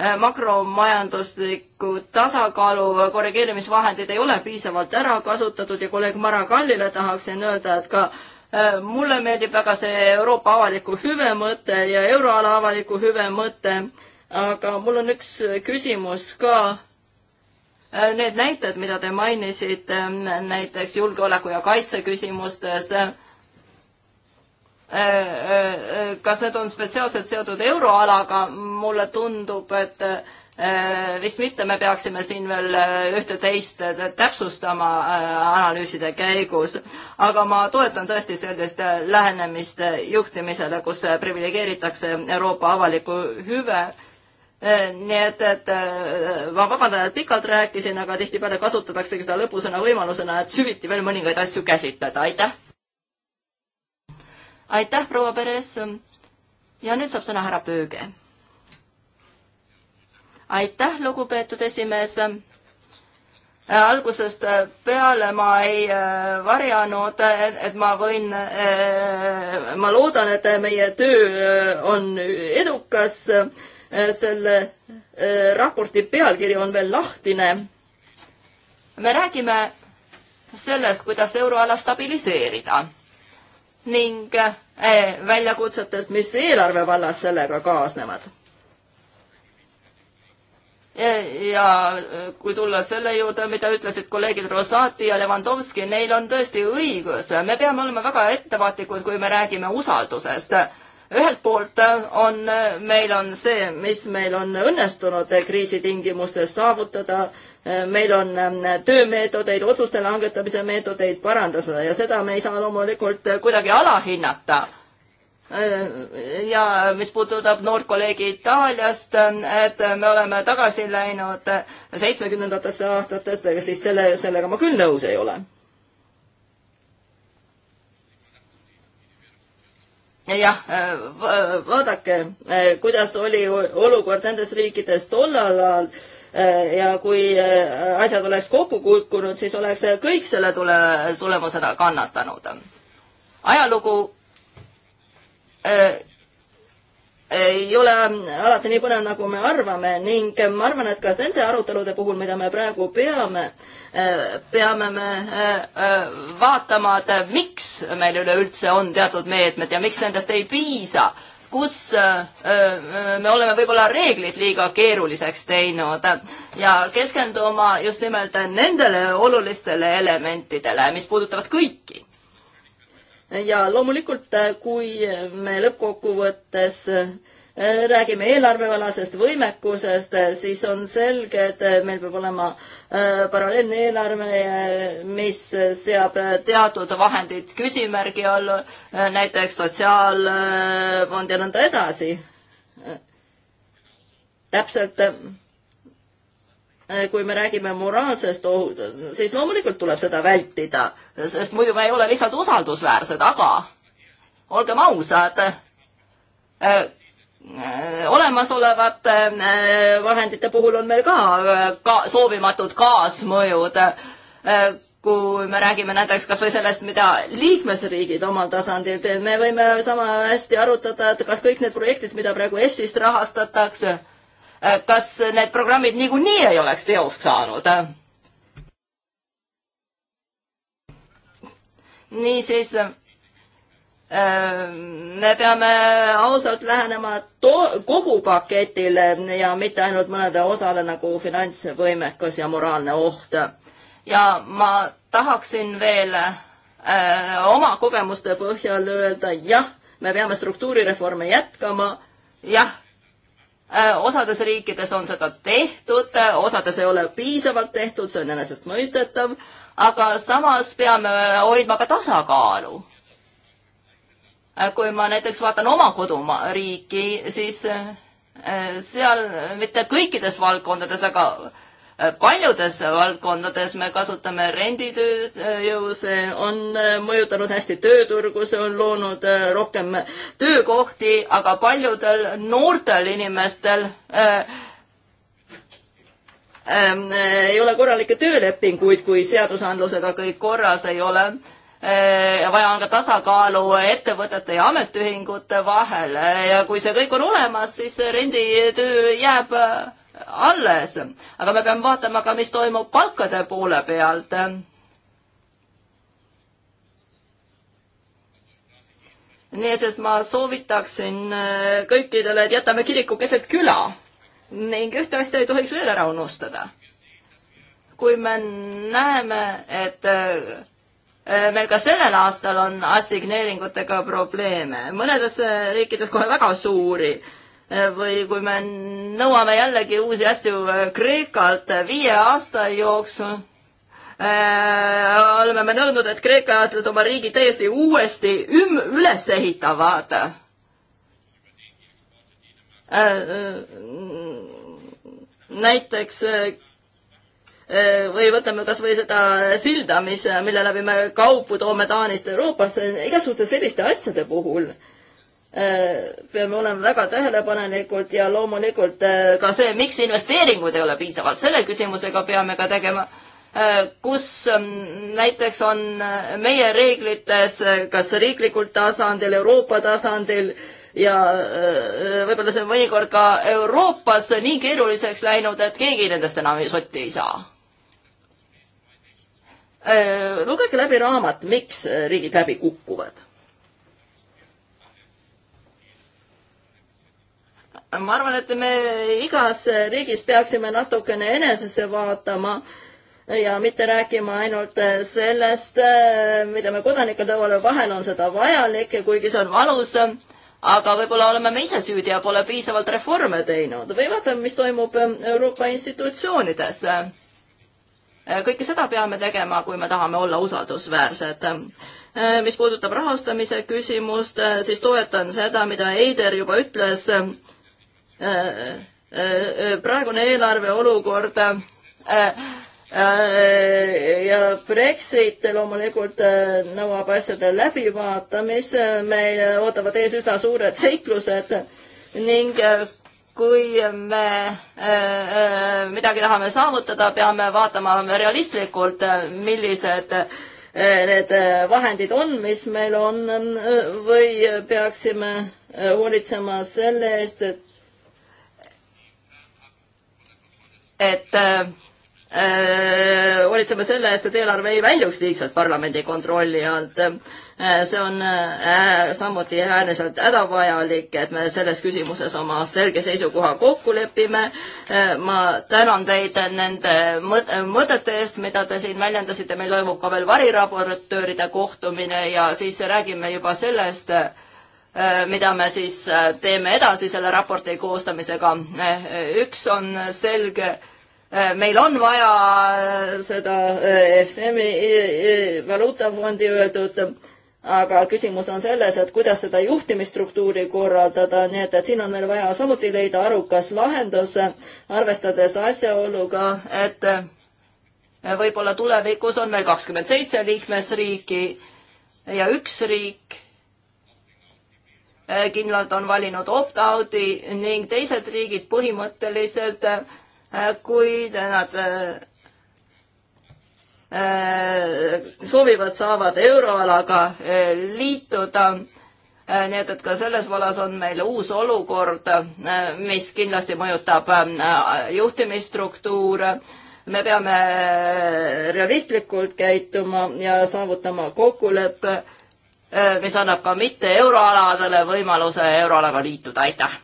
Äh, makromajandusliku tasakaalu äh, korrigeerimisvahendid ei ole piisavalt ära kasutatud ja kolleeg Mara Kallile tahaksin öelda, et ka äh, mulle meeldib väga see Euroopa avaliku hüve mõte ja euroala avaliku hüve mõte, aga mul on üks küsimus ka. Need näited, mida te mainisite, näiteks julgeoleku ja kaitse küsimustes Äh, äh, kas need on spetsiaalselt seotud euroalaga, mulle tundub, et äh, vist mitte, me peaksime siin veel ühte-teist täpsustama analüüside käigus. aga ma toetan tõesti sellist lähenemist juhtimisele, kus priviligeeritakse Euroopa avalikku hüve. nii et, et ma vabandan, et pikalt rääkisin, aga tihtipeale kasutataksegi seda lõpusõna võimalusena, et süviti veel mõningaid asju käsitleda, aitäh aitäh, proua Peres. ja nüüd saab sõna härra Pööge. aitäh, lugupeetud esimees äh, algusest äh, peale ma ei äh, varjanud, et ma võin, ma loodan, et meie töö on edukas. selle raporti pealkiri on veel lahtine. me räägime sellest, kuidas euroala stabiliseerida ning eh, väljakutsetest, mis eelarve vallas sellega kaasnevad. Eh, ja eh, kui tulla selle juurde, mida ütlesid kolleegid Rosati ja Levanovski, neil on tõesti õigus, me peame olema väga ettevaatlikud, kui me räägime usaldusest ühelt poolt äh, on, äh, meil on see, mis meil on õnnestunud äh, kriisitingimustes saavutada, meil on ähm, töömeetodeid, otsuste langetamise meetodeid parandada ja seda me ei saa loomulikult kuidagi alahinnata ja mis puudutab noort kolleegi Itaaliast, et me oleme tagasi läinud seitsmekümnendatesse aastatesse, siis selle, sellega ma küll nõus ei ole jah, äh, vaadake, äh, kuidas oli olukord nendes riikides tollal ajal äh, ja kui asjad oleks kokku kukkunud, siis oleks kõik selle tule, tulemusena kannatanud. ajalugu ei ole alati nii põnev, nagu me arvame ning ma arvan, et ka nende arutelude puhul, mida me praegu peame, peame me vaatama, et miks meil üleüldse on teatud meetmed ja miks nendest ei piisa, kus me oleme võib-olla reeglid liiga keeruliseks teinud ja keskenduma just nimelt nendele olulistele elementidele, mis puudutavad kõiki ja loomulikult, äh, kui me lõppkokkuvõttes äh, räägime eelarvealasest võimekusest, äh, siis on selge, et meil peab olema paralleelne eelarve, mis seab teatud vahendid küsimärgi alla, näiteks sotsiaalfond ja nõnda edasi. täpselt Äh, kui me räägime moraalsest ohutusest, siis loomulikult tuleb seda vältida, sest muidu me ei ole lihtsalt usaldusväärsed, aga olgem ausad, äh, äh, olemasolevate vahendite puhul on meil ka, ka soovimatud kaasmõjud. kui me räägime näiteks kas või sellest, mida liikmesriigid omal tasandil teevad, me võime sama hästi arutada, et kas kõik need projektid, mida praegu EFSist rahastatakse, Äh, kas need programmid niikuinii ei oleks teoks saanud? niisiis äh, me peame ausalt lähenema kogu paketile ja mitte ainult mõnede osale nagu finantsvõimekus ja moraalne oht. ja ma tahaksin veel öö, äh, oma kogemuste põhjal öelda jah, me peame struktuurireforme jätkama, jah Äh, osades riikides on seda tehtud, äh, osades ei ole piisavalt tehtud, see on enesestmõistetav, aga samas peame hoidma ka tasakaalu. Äh, kui ma näiteks vaatan oma kodumaa riiki, siis seal mitte kõikides valdkondades, aga paljudes valdkondades me kasutame renditööjõu, see on äh, mõjutanud hästi tööturgu, see on loonud äh, rohkem töökohti, aga paljudel noortel inimestel äh, ähm, äh, ei ole korralikke töölepinguid, kui seadusandlusega kõik korras ei ole äh,. vaja on ka tasakaalu ettevõtete ja ametiühingute vahel ja kui see kõik on olemas, siis renditöö jääb alles, aga me peame vaatama ka, mis toimub palkade poole pealt. nii, sest ma soovitaksin äh, kõikidele, et jätame kiriku keset küla ning ühte asja ei tohiks veel ära unustada. kui me näeme, et äh, meil ka sellel aastal on assigneeringutega probleeme, mõnedes riikides kohe väga suuri või kui me nõuame jällegi uusi asju äh, Kreekalt äh, viie aasta jooksul, äh, oleme me nõudnud, et kreeklased oma riigi täiesti uuesti üm-, üles ehitavad näiteks või võtame kas või seda silda, mis, mille läbi me kaupu toome Taanist Euroopasse, igasuguste selliste asjade puhul Äh, peame olema väga tähelepanelikud ja loomulikult äh, ka see, miks investeeringuid ei ole piisavalt, selle küsimusega peame ka tegema, äh, kus ähm, näiteks on meie reeglites, kas riiklikul tasandil, Euroopa tasandil ja võib-olla see on mõnikord ka Euroopas nii keeruliseks läinud, et keegi nendest enam sotti ei saa. lugege läbi raamat, miks riigid läbi kukuvad ma arvan, et me igas riigis peaksime natukene enesesse vaatama ja mitte rääkima ainult sellest, mida me kodanike tõuale vahel on seda vajalik, kuigi see on valus, aga võib-olla oleme me ise süüdi ja pole piisavalt reforme teinud või vaatame, mis toimub Euroopa institutsioonides. kõike seda peame tegema, kui me tahame olla usaldusväärsed mis puudutab rahastamise küsimust, siis toetan seda, mida Eider juba ütles, Äh, äh, äh, praegune eelarve olukord ja Brexit loomulikult nõuab asjade läbivaatamist, meil ootavad ees üsna suured seiklused ning kui me midagi tahame saavutada, peame vaatama realistlikult, millised need vahendid on, mis meil on või peaksime hoolitsema selle eest, et et äh, äh, hoolitseme selle eest, et eelarve ei väljuks liigselt parlamendi kontrolli alt. Äh, see on samuti äärmiselt hädavajalik, et me selles küsimuses oma selge seisukoha kokku lepime. ma tänan teid nende mõtete eest, mida te siin väljendasite, meil toimub ka veel variraportööride kohtumine ja siis räägime juba sellest, Äh, mida me siis äh, teeme edasi selle raporti koostamisega. Äh, üks on selge, meil on vaja seda FSM-i valuutafondi öeldud, aga küsimus on selles, et kuidas seda juhtimisstruktuuri korraldada, nii et, et siin on meil vaja samuti leida arukas lahendus, arvestades asjaoluga, et võib-olla tulevikus on meil kakskümmend seitse liikmesriiki ja üks riik Äh, kindlalt on valinud opt-out'i ning teised riigid põhimõtteliselt, äh, kui nad äh, soovivad, saavad euroalaga liituda nii et, et ka selles vallas on meil uus olukord, mis kindlasti mõjutab juhtimisstruktuure. me peame realistlikult käituma ja saavutama kokkuleppe Äh, mis annab ka mitte euroaladele võimaluse euroalaga liituda, aitäh!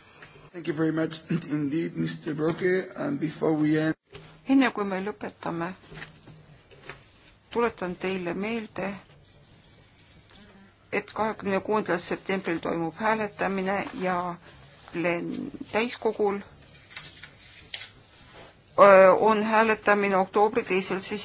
*laughs* enne kui me lõpetame, tuletan teile meelde, et kahekümne kuuendal septembril toimub hääletamine ja plen-, täiskogul äh, on hääletamine oktoobri teisel siis